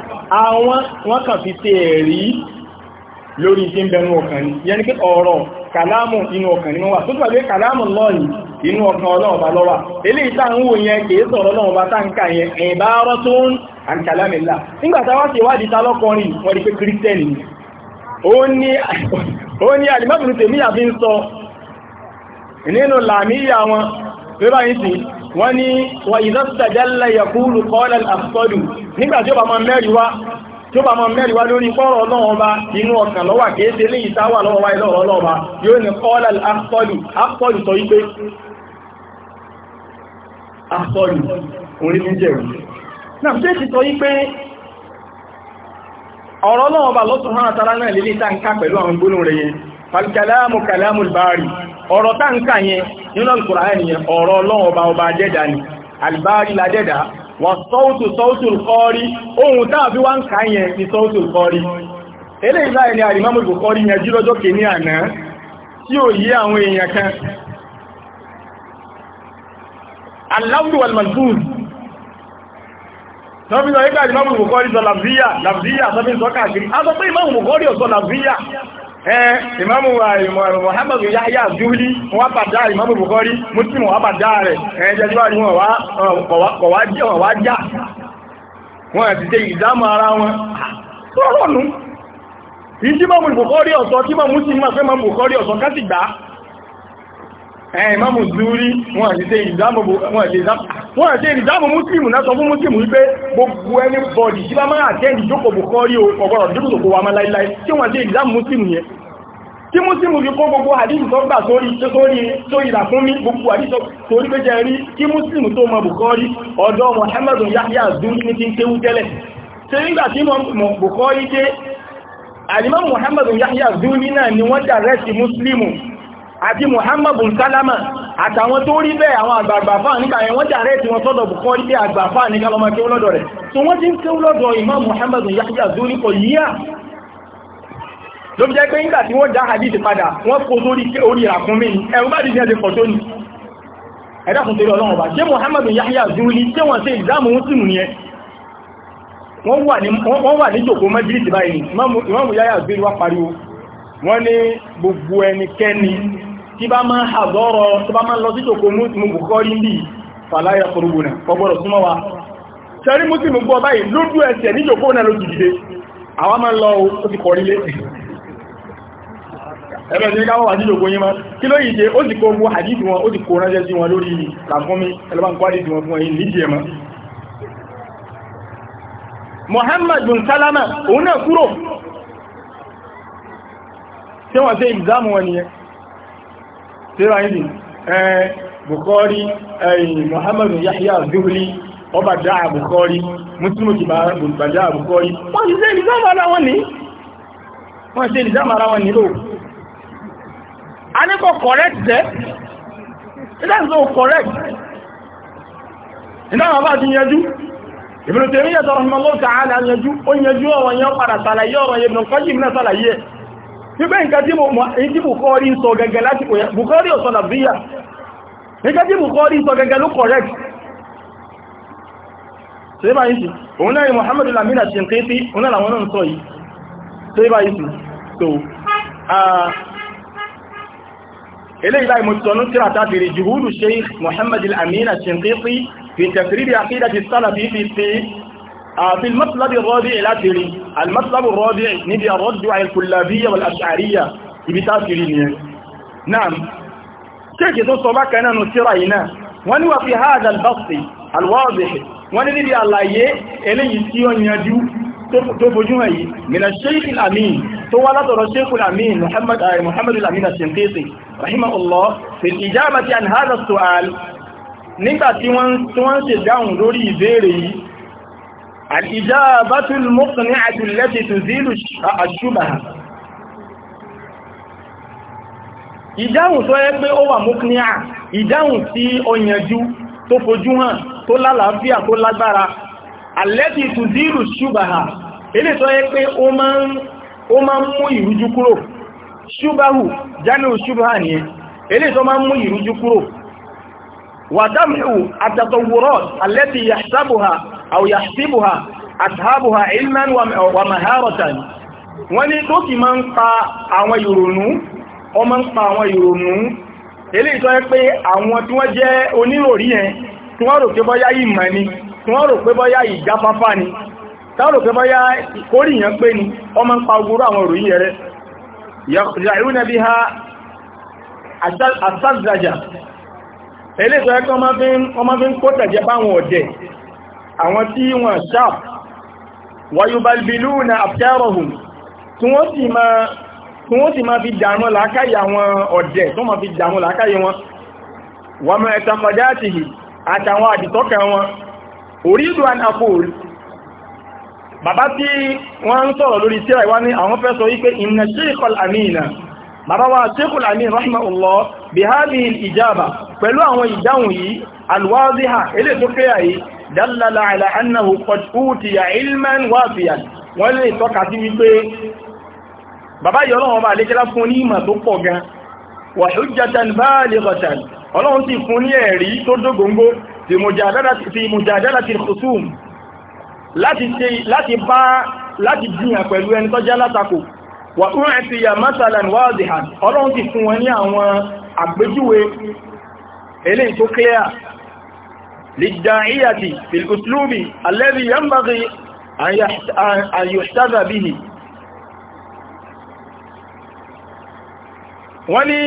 àwọn wọ́n kàn fi ṣe ẹ̀rí lórí tí ń bẹnu ọkàn ni yẹni pé ọ̀rọ̀ kàlámù inú ọkàn ni máa wà tó tó pé kàlámù lọ́ọ̀yì inú ọkàn ọlọ́ọ̀bá lọ́wà eléyìí tá ń wò yẹn kìí sọ̀rọ̀ lọ́wọ́ba tá ń kà yẹn ẹ̀bárọ́ tó ń àǹkàlámìlá nígbàtá wá sí ìwádìí tá lọ́kọrin wọ́n di pé kírísítẹ́nì ó ní àlìmọ́bìnrin tèmíyà fi ń sọ nínú làmíyà wọn rírá yìí sí wọ́n ní wà ìdọ́sítàjálẹ̀ yẹ̀kúrù kọ́lẹ̀ àfọ́dù nígbàtí ó bá máa mẹ́rin wá tí ó bá máa mẹ́rin wá lórí pọ́rọ̀ ọlọ́run ọba inú ọkàn lọ́wà kéèsè lè yìí táwà lọ́wọ́ wáyé lọ́rọ̀ ọlọ́run ọba yóò ní kọ́lẹ̀ àfọ́dù àfọ́dù sọ wípé àfọ́dù orí ní jẹ̀rù náà tí ó sì sọ wípé ọ̀rọ̀ ọlọ́run ọba lọ́sùn hàn àtàrà náà lélẹ́ta ń ká pẹ̀lú àwọn gbónú rẹ̀ yẹn falkalamu kalamu albari ọ̀rọ̀ tá ń kà yẹn nínú alkùnrin yẹn ọ̀rọ̀ ọlọ́run ọba ọba jẹ́dà ni albari la jẹ́dà wà sọ́ọ̀tù sọ́ọ̀tù kọ́rí ohun tá fi wá ń kà yẹn ni sọ́ọ̀tù kọ́rí eléyìí láì ní àrímámù yẹn jí kìíní àná tí ò yí àwọn èèyàn kan aláwùdù almazun sọ́fí sọ ìmáàmù Muhammadu Yahya Zuhli wọ́n bàdá ìmáàmù Bukhari Muslim wọ́n bàdá rẹ̀ ẹjẹ́jọ́ àríwọ̀n wá já wọ́n àti jẹ́ ìdámọ̀ ara wọn tọ́rọ̀ nù ìjímọ̀ Bukhari ọ̀sọ̀ tí mọ̀ Muslim máa fẹ́ mọ̀ Bukhari ọ̀sọ̀ kásìgbà ìmáàmù eh, zúrí wọ́n àti ṣe ìdámù múslìmù náà sọ fún múslìmù wípé gbogbo ẹni bọ̀dì tí bá máa àtẹ́ndì jókòó Bukhari ọgbọ̀rọ̀ dúkùsòkó wa máa láíláí tí wọ́n ṣe ìdámù múslìmù yẹn tí múslìmù fi kó gbogbo àdíjì tó gbà sórí tó ìdà fún mi gbogbo àdíjì tó rí péjẹ rí kí múslìmù tó mọ Bukhari ọ̀dọ̀ Muhammadu Yahya zúrí ní ti ń kéwú tẹ́lẹ̀ ṣe nígbà tí mọ̀ Bukhari dé àdìmọ́ Muhammadu Yahya zúrí náà ni wọ́n dà rẹ́sì àti Muhammadu bin Salama àtàwọn tó rí bẹ́ẹ̀ àwọn àgbààgbàfà ní kàyẹ wọ́n jàrẹ́ tí wọ́n sọ́dọ̀ bùkọ́ rí pé àgbààfà ní kálọ́mà kí ó lọ́dọ̀ rẹ̀ so wọ́n ti ń kí lọ́dọ̀ Imam Muhammadu bin Yahya Zuri kò yíyà ló fi jẹ́ pé nígbà tí wọ́n já hadith padà wọ́n kó sórí orí àkúnmí ẹ̀rù bá dìde ẹ̀dẹ̀ pọ̀ tó ní ẹ̀dàkùn torí ọlọ́run ọba ṣé Muhammad bin Yahya Zuri tí wọ́n ṣe ìdámù mùsùlùmí nìyẹn wọ́n wà ní jòkó mẹ́jìlì ti báyìí Imam Yahya Zuri wá pariwo wọ́n ní gbogbo ẹnikẹ́ni tí bá máa àgọ́rọ̀ tí bá máa lọ sí tòkó mú bùkọ́rí ní fàláyà kọrùgbò náà kọgbọ́rọ̀ súnmọ́ wa ṣẹ́rí mú sí mú gbọ́ báyìí lójú ẹsẹ̀ ní jòkó náà ló ti dìde àwa máa lọ ó ti kọrí lé ẹgbẹ́ sí káwọ́ wà sí jòkó yín Salama òun náà kúrò tí wọ́n tíra ìdí Bukhari Muhammadu Yahya Zuhli ọba dáa Bukhari Muslimu ti bá dáa Bukhari wọ́n ti sẹ́ni sáàmà ara wọn ní wọ́n ti sẹ́ni sáàmà wọn ní lò a ní kò correct jẹ́ that's no correct ìdáwọn bá ti yanjú Ibn Taymiyyah rahimahullahu ta'ala yanjú ó yanjú ọ̀rọ̀ yẹn padà sàlàyé ọ̀rọ̀ yẹn nǹkan yìí wípé nǹkan tí Bukhari sọ gẹ́gẹ́ lásìkò yẹn Bukhari ọ̀sọ̀ nàbíyà nǹkan tí Bukhari sọ gẹ́gẹ́ ló correct ṣe bá yìí òun náà Muhammadu Lamina ṣe ń ké sí òun náà làwọn náà ń sọ yìí ṣe bá yìí so eléyìí láì mo ti sọnú tíra tàbírí juhudu Sheikh Muhammadu Lamina ṣe ń ké sí fi a àkídà ti sálàbí fi في المطلب الرابع لا تري المطلب الرابع نبي الرد على الكلابية والأشعرية بتاثيرين نعم كيف تصبح كنا نسرعنا ونوى في هذا البسط الواضح ونبي الله يه إليه سيون يجو تفجوه من الشيخ الأمين طوالة الشيخ الأمين محمد محمد الأمين الشنقيطي رحمه الله في الإجابة عن هذا السؤال نبقى تيوان تيوان تيوان تيوان الإجابة المقنعة التي تزيل الشبهة ìdáhùn tó yẹ pé ó wà mọ́kíníà ìdáhùn tí ó yanjú tó fojú hàn tó lálàáfíà tó lágbára àlẹ́tì tó zírù ṣúbàhà ilé tó yẹ pé ó máa ń mú ìrújú kúrò ṣúbàhù jánú ṣúbàhà ní ilé tó máa ń mú ìrújú kúrò wàdámù àtàtọ̀wòrọ̀ àlẹ́tì yàṣàbùhà أو يحسبها أصحابها علما ومهارة wọ́n ní tó kì máa ń pa àwọn ìrònú ọ máa pa ma ìrònú eléyìí tó yẹ pé àwọn tí wọ́n jẹ́ oníròrí yẹn tí wọ́n rò pé bọ́yá ìmọ̀ ni tí wọ́n ni tí wọ́n rò pé bọ́yá ìkórìyàn ni ọ máa ń pa ogoro àwọn ìròyìn rẹ̀ yàrúnà bí ha àsáàzájà eléyìí tó yẹ pé wọ́n máa fi ń àwọn tí wọ́n sharp na aftarahum tí wọ́n sì máa fi dànù làákàyè àwọn ọ̀dẹ̀ tó máa fi dànù làákàyè wọn wa ma taqadatihi àtàwọn àdìtọ́kà wọn orílù an aqul bàbá tí wọ́n ń sọ̀rọ̀ lórí tírà ìwá ní àwọn fẹ́ sọ wípé inna shaykhul amina bàbá wa shaykhul amin rahma bi hadhihi al-ijaba pẹ̀lú àwọn ìdáhùn yìí alwaziha elé tó dálàlà àìlàánàwò pọ̀tútìyà ilman wáfíyàn wọ́n lè tọ́ka sí wípé bàbá yìí ọlọ́run bá lékẹ́lá fún ní ìmọ̀ tó pọ̀ gan wà hujjatan balighatan ọlọ́run ti fún ní ẹ̀rí tó dógóngó ti mujadalatil khusum láti bá láti jiyàn pẹ̀lú ẹni tọ́já látakò wà ń fi yà masalan wadihan ọlọ́run ti fún wọn ní àwọn àgbéjúwe eléyìí clear للداعية بالأسلوب الذي ينبغي أن يحتذى به wọ́n ní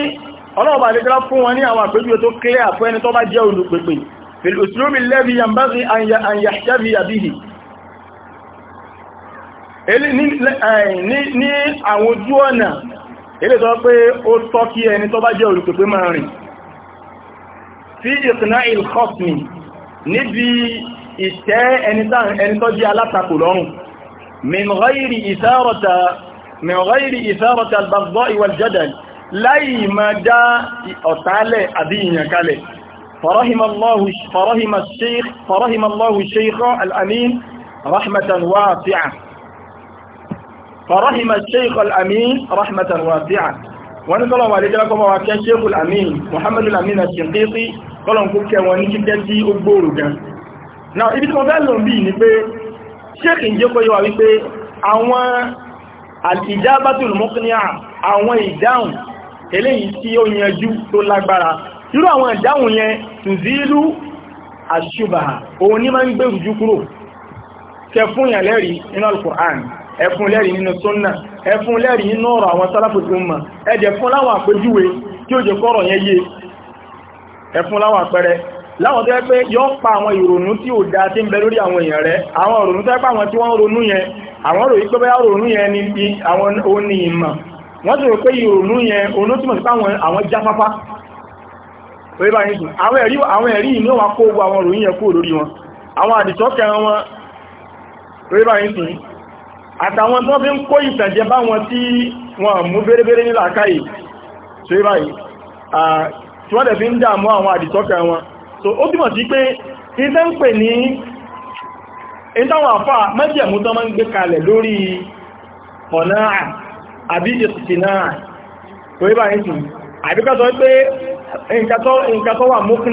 ọlọ́ọ̀bà àdíkọ́lá fún wọn ní àwọn àpéjú tó kílẹ̀ àfún ẹni tó bá jẹ́ olùpẹ̀pẹ̀ بالأسلوب الذي ينبغي أن يحتذى به ní àwọn ojú ọ̀nà ilé tó pé ó tọ́ kí ẹni tó bá jẹ́ olùpẹ̀pẹ̀ máa rìn fi iqna'il khasmi níbi ìtẹ́ ẹni tó jẹ́ alátakò lọ́rùn min ghayri ìsáàrọ̀ta min ghayri ìsáàrọ̀ta al-baghdha'i wal-jadal láì ma dá ọ̀tálẹ̀ àbí ìyànkálẹ̀ farahimallahu فرحم al-amin rahmatan wasi'a farahima shaykha al-amin rahmatan wasi'a wọ́n ní tọ́lọ̀ wà lè jẹ́lá kọ́mọ̀ wa kẹ́ Sheikhul Amin Muhammadu Amin Ashinqiti tọ́lọ̀ kó kẹ́ wọn ní kíkẹ́ tí ó gbòòrò gan náà ibi tí wọ́n fẹ́ lò ń bí ni pé Sheikh ń jẹ́ kó yíwa wípé àwọn al-ijabatul muqni'a àwọn ìdáhùn eléyìí tí ó yanjú tó lágbára irú àwọn ìdáhùn yẹn tuzilu ash ẹfún lẹ́rìí inú ọ̀rọ̀ àwọn sálàfù Eji ó mọ̀ ẹ̀dẹ̀ fún láwọn àpéjúwe tí ó jẹ kọ́rọ̀ yẹn yé ẹfún láwọn àpẹẹrẹ láwọn pé yọ́ pa àwọn ìrònú tí ò da tí ń bẹ lórí àwọn èèyàn rẹ àwọn ìrònú tó yẹ pé àwọn tí wọ́n ronú yẹn àwọn ròyìn pé bóyá ìrònú yẹn ni bí àwọn oní ìmọ̀ wọ́n ti rò pé ìrònú yẹn sí pàwọn àwọn orí bá sùn àwọn ẹ̀rí àwọn wa wọn àwọn àdìsọ́kẹ́ wọn orí bá àtàwọn tó fi ń kó ìtànjẹ bá wọn tí wọ́n mú bèrèbèrè nílà káyì tó rí báyìí tí wọ́n dẹ̀ fi ń dààmú àwọn àdìtọ́kà wọn so ó túnmọ̀ sí pé ìtẹ́ ń pè ní ìtàwọn àfà mẹ́jẹ̀mú tó máa ń gbé kalẹ̀ lórí ọ̀nà àbí ìtìtì náà tó rí báyìí tù àbíkọ́sọ pé nǹkan tó wà mú kí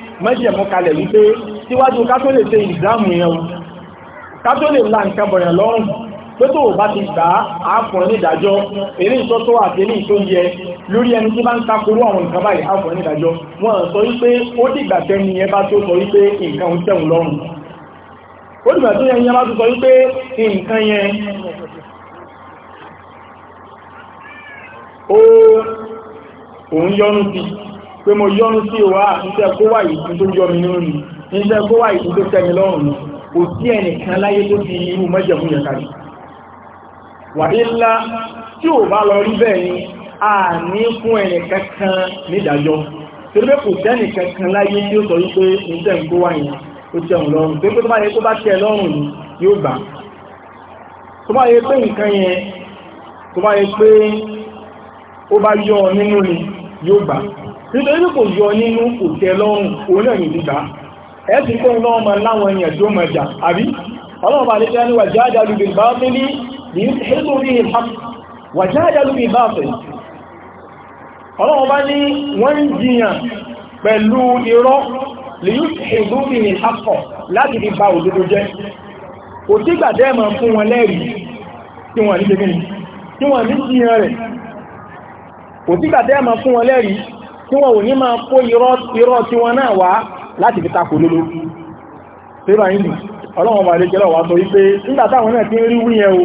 mẹ́jẹ̀mú kalẹ̀ wípé síwájú ká tó lè ṣe ìdáàmù yẹn ká tó lè la nǹkan bọ̀yàn lọ́rùn pé tó bá ti gbà á fún ní ìdájọ́ eré ìtọ́tọ́ àti eré ìtó yẹ lórí ẹni tí bá ń takorú àwọn nǹkan báyìí á fún ní ìdájọ́ wọ́n sọ wípé ó dìgbà tẹ́ni yẹn bá tó sọ wípé nǹkan ń tẹ̀wọ̀n lọ́rùn ó dìgbà tó yẹn bá tó sọ wípé nǹkan yẹn òun yọnu sí pé mo yọ́nú sí ìwà ah, iṣẹ́ kó wà ìtún tó yọ mi nínú ni iṣẹ́ kó wà ìtún tó tẹ́mi lọ́rùn ni kò sí ẹnìkan láyé tó fi irú mẹ́jẹ̀mú yẹn kalẹ̀ wà ńlá tí ò bá lọ rí bẹ́ẹ̀ ni a ní fún ẹnìkan kan nídàjọ́ torí pé kò sẹ́nìkan kan láyé tí ó sọ wípé iṣẹ́ ń kó wà yẹn ó tẹ̀wọ̀n lọ́rùn pé tó bá yẹ tó bá tẹ̀ lọ́rùn ni yóò gbà tó bá yẹ pé nǹkan yẹn tó bá yẹ pé ó bá yọ nínú ni yóò gbà nítorí kò yọ nínú òtẹ́ lọ́rùn òun náà nìdí gbà ẹ ti kó iná ọmọ láwọn èèyàn tó mọ̀ jà àbí ọlọ́run bá lẹ́jọ́ ní wàjáàjà lùbí bá fẹ́ ní ní ṣẹ́gun ní ìhà wàjáàjà lùbí bá fẹ́ ọlọ́run bá ní wọ́n ń jiyàn pẹ̀lú irọ́ lè yí ṣẹ́gun ní ìhà kọ̀ láti fi ba fún wọn lẹ́rìí tí wọn ò ní máa kó irọ́ tí wọn náà wá láti fi takò lólo pẹ́rọ ìlú ọlọ́wọ́n wà lè jẹ́ lọ́wọ́ tó wípé nígbà táwọn náà ti ń rí wí yẹn o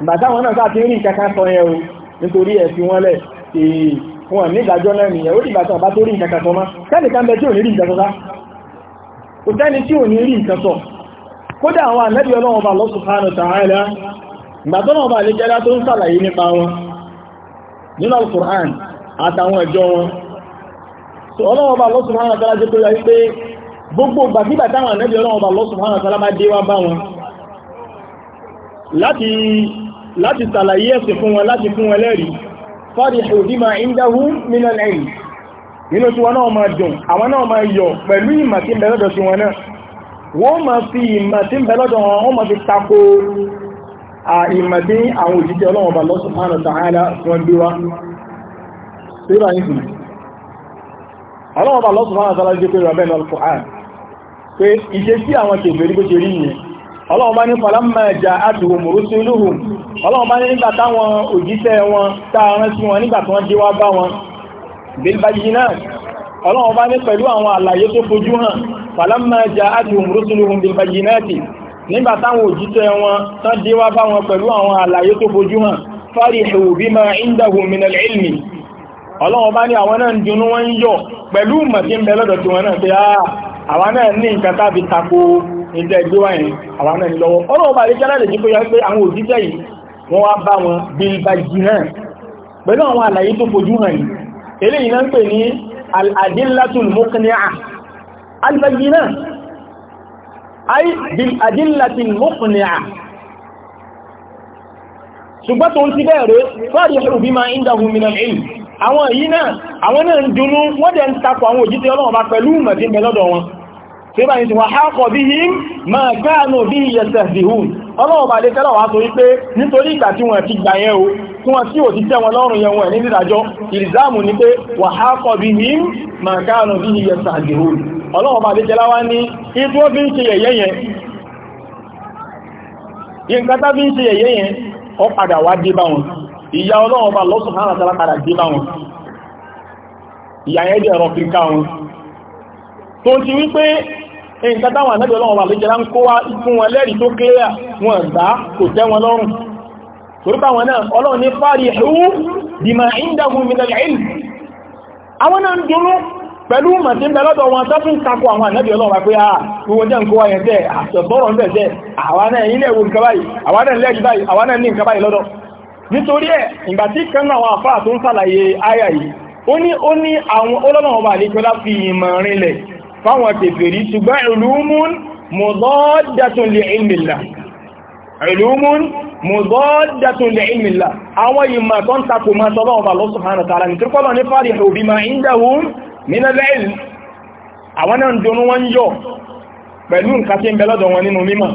nígbà táwọn náà sáà ti ń rí nǹkan sọ yẹn o nítorí ẹ̀ fi wọ́n lẹ̀ èè wọn ní ìdájọ́ náà nìyẹn ó dìgbà tán bá tó rí nǹkan sọ mọ́ sẹ́ni kan bẹ àtàwọn ẹjọ́ wọn ọlọ́wọ́ bá lọ́sùn hàn àtàlá jẹ́ tó yà wípé gbogbo gbàgbígbà táwọn ànẹ́bí ọlọ́wọ́ bá lọ́sùn hàn àtàlá bá dé wá bá wọn láti láti sàlàyé ẹ̀sẹ̀ fún wọn láti fún wọn lẹ́rìí fọ́dí ṣòdímà ìdáhù mílíọ̀nù ẹ̀yìn nínú tí wọn náà máa dùn àwọn náà máa yọ pẹ̀lú ìmà tí ń bẹ lọ́dọ̀ sí wọn náà wọ́n máa fi ìmà tí ń bẹ lọ́dọ̀ wọn wọ́n máa fi tako ìmà tí àwọn òjíṣẹ́ Ọlọ́run bá lọ́sùn hàn àtàlá wọn gbé wá ọlọ́wọ́n bá lọ́sùn máa tàbí jẹ́ pé rọ̀bẹ́ lọ fòhán pé iṣẹ́ sí àwọn kèfèrí bó ṣe rí yìí ọlọ́wọ́n bá ní falamma ja'atuhum rusuluhum ọlọ́wọ́n bá ní nígbà táwọn òjíṣẹ́ wọn táàrán sí wọn nígbà tí wọ́n dé wá bá wọn bil bayyinat ọlọ́wọ́n bá ní pẹ̀lú àwọn àlàyé tó fojú hàn falamma ja'atuhum rusuluhum bil bayyinati nígbà táwọn òjíṣẹ́ wọn tán dé wá bá wọn pẹ̀lú àwọn àlàyé tó fojú hàn farihu bima indahum min al-ilmi ọlọ́wọ́ bá ní àwọn náà ń dunú wọ́n ń yọ̀ pẹ̀lú mọ̀tí ń bẹ lọ́dọ̀ tí wọ́n náà pé ah, àwọn náà ní nǹkan tàbí tako ìjẹ́ ìgbéwáyìn àwọn náà ní lọ́wọ́ ọlọ́wọ́ bá rí jẹ́ láti jí kó yá pé àwọn ṣùgbọ́n tó ń ti bẹ̀rẹ̀ fọ́dí ṣùgbí ma ń dáhùn mi náà èyí àwọn èyí náà àwọn náà ń dúnú wọ́n dẹ̀ ń takò àwọn òjíṣẹ́ Ọlọ́run bá pẹ̀lú mẹ̀tí mẹ́lọ́dọ̀ wọn tí bá yìí ti wà hákọ̀ bí ni pé wà hákọ̀ bí i ma káànù bí i yẹsẹ̀ dìhùn Ọlọ́run bá lè tẹ́lá wá ní ìtú ó fi ń ṣe yẹ̀yẹ́ yẹn ọ padà wá dé bá wọn ìyá ọlọ́wọ́ bá lọ́sùn hàn àtàrà padà dé bá wọn ìyá yẹn jẹ́ ẹ̀rọ kìríkà wọn tó ti wípé nǹkan táwọn ànábì ọlọ́wọ́ bá lè jẹ́ra ń kó wá fún wọn lẹ́rìí tó àwọn pẹ̀lú màtí ń bẹ lọ́dọ̀ wọn tó tún takọ àwọn ànábì ọlọ́wà pé àà ah, gbogbo jẹ́ nǹkan wáyẹ̀ tẹ́ àtọ̀bọ̀rọ̀ ah, ń bẹ̀ tẹ́ àwa náà ilé ìwò nǹkan báyìí àwa náà lẹ́yìn báyìí àwa náà ní nǹkan báyìí lọ́dọ̀ nítorí ẹ̀ ìgbà tí kan àwọn àfáà tó ń sàlàyé àyà yìí ó ní ó ní àwọn ọlọ́wọ̀n wà ní kọlá fi ìmọ̀ rinlẹ̀ fáwọn kèfèrí ṣùgbọ́n ìlúmún mọ̀dọ́dàtún lè ìmìlà ìlúmún mọ̀dọ́dàtún nínú lẹ́yìn àwọn náà ń dúnú wọn yọ pẹ̀lú nǹkan tí ń bẹ wọn nínú mímọ̀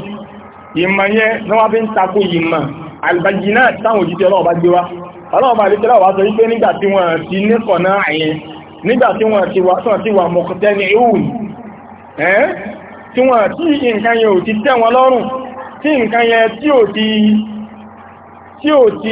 ìmọ̀ yẹn ní wọ́n ń takò ìmọ̀ albajina táwọn òjíṣẹ́ ọlọ́wọ́ bá gbé wá ọlọ́wọ́ bá létí láwọ́ sọ wípé nígbà tí wọ́n ti ní kọ̀nà àyẹn nígbà tí wọ́n ti wà sọ̀tí wà mọ̀kọ̀tẹ́ ní ìhùn ẹ́ tí wọ́n tí nǹkan yẹn ò ti tẹ́ lọ́rùn tí nǹkan yẹn tí ò ti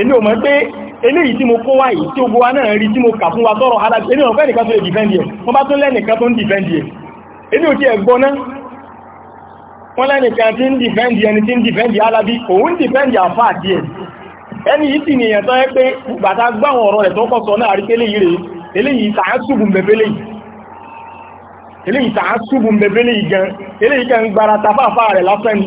èmi ò mọ̀ pé eléyìí tí mo kó wáyìí tí ogun wa náà rí tí mo kà fún wa tọ́rọ alájú èmi ò fẹ́ nìkan tó lè dìfẹ́ndì ẹ̀ wọ́n bá tún lẹ́nìkan tó ń dìfẹ́ndì ẹ̀ èmi ò tí ẹ̀ gbọ́ná wọ́n lẹ́nìkan tí ń dìfẹ́ndì ẹni tí ń dìfẹ́ndì alábí òun ń dìfẹ́ndì àfá àti ẹni yìí sì ni èèyàn tán ẹ pé bàtà gbáwọn ọ̀rọ̀ rẹ̀ tó kọ́ sọ náà rí pé eléyìí rèé eléyìí tàá ṣùgbùn bẹ̀bẹ̀lẹ̀ eléyìí tàá ṣùgbùn bẹ̀bẹ̀lẹ̀ gan eléyìí kan gbára tafáfá rẹ̀ lásán ni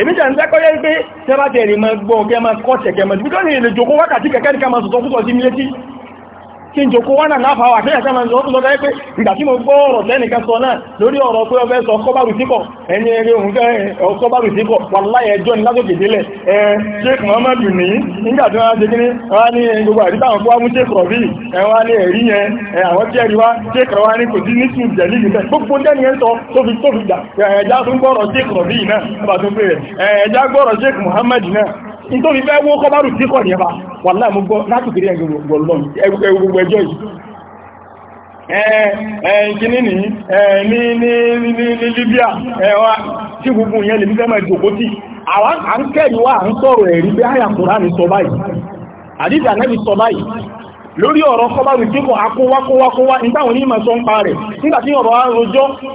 èmi jẹ́ ǹdẹ́kọ́ yẹ́ pé tẹ́bàtẹ̀ rí mọ́ gbọ́ kẹ́ mọ́ kọ́ tẹ̀kẹ́ mọ́ kí n jòkó wánà láfà wà tí ẹ̀kẹ́ mẹ́jọ tó lọ́dá pé ìgbà tí mo gbọ́ ọ̀rọ̀ lẹ́nìkan sọ náà lórí ọ̀rọ̀ pé ọfẹ́ sọ ọkọ́ bárù síkọ̀ ẹni eré òun fẹ́ ọkọ́ bárù síkọ̀ wà láyé ẹjọ́ ní lásòkè délẹ̀ ẹ Sheikh Muhammadu ní nígbà tí wọ́n á ṣe kí ní wọ́n á ní gbogbo àdídá àwọn nítorí fẹ́ wó kọ́bárù tí kọ̀ ní ẹba wà láì mú gbọ́ kiri ẹgbẹ̀rún ẹjọ́ yìí ẹ ní ní Libya ẹwà tí gbogbo ìyẹn lè fẹ́ àwọn à ń wà ń sọ̀rọ̀ ẹ̀rí bí sọ báyìí àdíjà náà sọ báyìí lórí ọ̀rọ̀ kọbárù kíkọ̀ akówákówákówá nítàwọn onímọ̀ sọ ń pa rẹ̀ nígbàtí ọ̀rọ̀ ahụ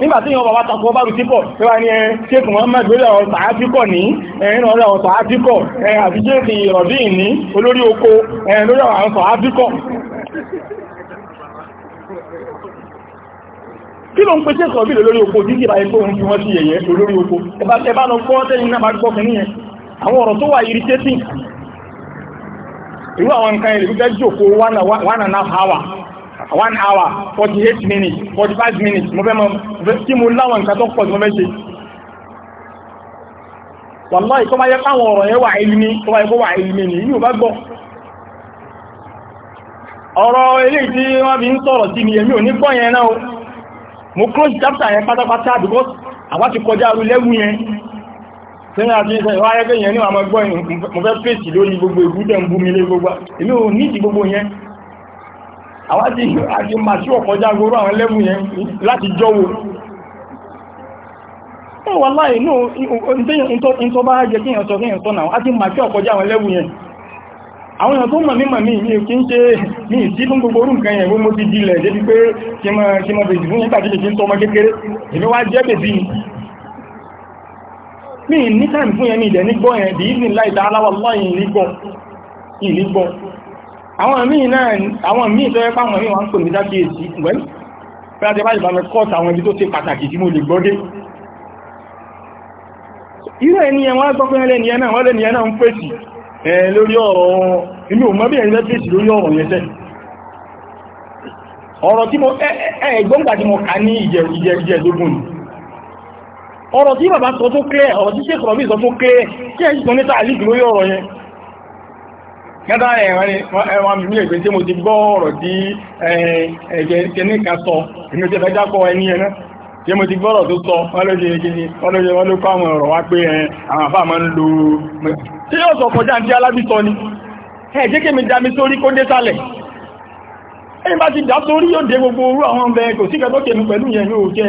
nígbàtí ọ̀rọ̀ wa takọ̀ kọbárù kíkọ̀ ẹwà ẹ ṣékùn lórí ọ̀rọ̀ tààtíkọ̀ ní ẹ̀rin eh, ọ̀rọ̀ tààtíkọ̀ eh, ní olórí oko eh, lórí ọ̀rọ̀ tààtíkọ̀ kí ló ń pèsè lórí oko ń fi wọ́n irú àwọn nǹkan ẹ̀lẹ́ fífẹ́ jòkó one and a half hour one hour forty eight minutes forty five minutes mo fẹ́ mọ kí mo láwọn nǹkan tó pọ̀ tí mo fẹ́ ṣe wàláì tó máa yẹ káwọn ọ̀rọ̀ yẹn wà ilmi tó máa yẹ kó wà ilmi ni yíò bá gbọ́ ọ̀rọ̀ eléyìí tí wọ́n fi ń sọ̀rọ̀ sí mi èmi ò ní gbọ́ yẹn náà mo close chapter yẹn pátápátá because àwa ti kọjá arú lẹ́wù yẹn tẹ́yìn àti ìṣẹ́ ìwá ayẹ́gbẹ́ yẹn ní àmọ́ gbọ́ mo fẹ́ pèsè lórí gbogbo ìbúdẹ̀ ń bú mi lé gbogbo èmi ò nídìí gbogbo yẹn àwọn àti àti màṣí ọ̀kọjá gbogbo àwọn lẹ́mù yẹn láti jọ́wọ́ ó wà láì ní ohun tó bá jẹ́ kí èèyàn sọ kí èèyàn sọ náà àti màṣí ọ̀kọjá àwọn lẹ́mù yẹn àwọn èèyàn tó mọ̀ mímọ̀ ní ìní kí ń ṣe ní ìsí fún gbogbo orú nǹkan yẹn mo ti dilẹ̀ débi pé kí mọ̀ bèjì fún yẹn tàbí kí ń tọmọ kékeré èmi wá jẹ́ bèbí ni mi ní táìmì fún yẹn ní ìdẹ̀ nígbọ́ yẹn bí ìsìn láì dáadáa lọ́yìn nígbọ́ àwọn míì náà àwọn míì tó yẹ pàwọn míì wọ́n ń pè mí dákí èsì wẹ́n fẹ́ àti báyìí bá mẹ́ kọ́ọ̀tù àwọn ibi tó ṣe pàtàkì tí mo lè gbọ́dé irú ẹni ẹ̀ wọ́n gbọ́pẹ́ ẹlẹ́ni ẹ̀nà wọ́n lẹ́ni ẹ̀nà ń pèsì lórí ọ̀rọ̀ inú mọ́bí ẹ̀yìn lẹ́pèsì lórí ọ̀rọ̀ yẹn tẹ́ ọ̀rọ̀ tí mo ẹ̀ẹ̀gbọ́ngbà tí mo kà ní ìjẹ̀dógún ọ̀rọ̀ tí bàbá sọ tó clear ọ̀rọ̀ tí sèkọ̀rọ̀ mi sọ tó clear kí ẹ̀ sọ níta àlìkì lórí ọ̀rọ̀ yẹn gẹ́dá ẹ̀wọ̀n mi ẹ̀gbẹ́ tí mo ti gbọ́ ọ̀rọ̀ tí ẹ̀jẹ̀ kẹ́níkà sọ èmi ti fẹ́ jápọ̀ ẹni yẹn náà tí mo ti gbọ́rọ̀ tó sọ ọlọ́jẹ́ wọ́n ló kọ́ àwọn ọ̀rọ̀ wá pé àwọn àfáà máa ń lo tí yóò sọ kọjá tí alábìsọ ni ẹ̀jẹ́ kí mi dá mi sórí kó dé sálẹ̀ ẹni bá ti dá sórí yóò dé gbogbo orú àwọn ọmọ ẹ̀ kò sí kẹ́tọ́kẹ́ mi pẹ̀lú yẹn yóò jẹ́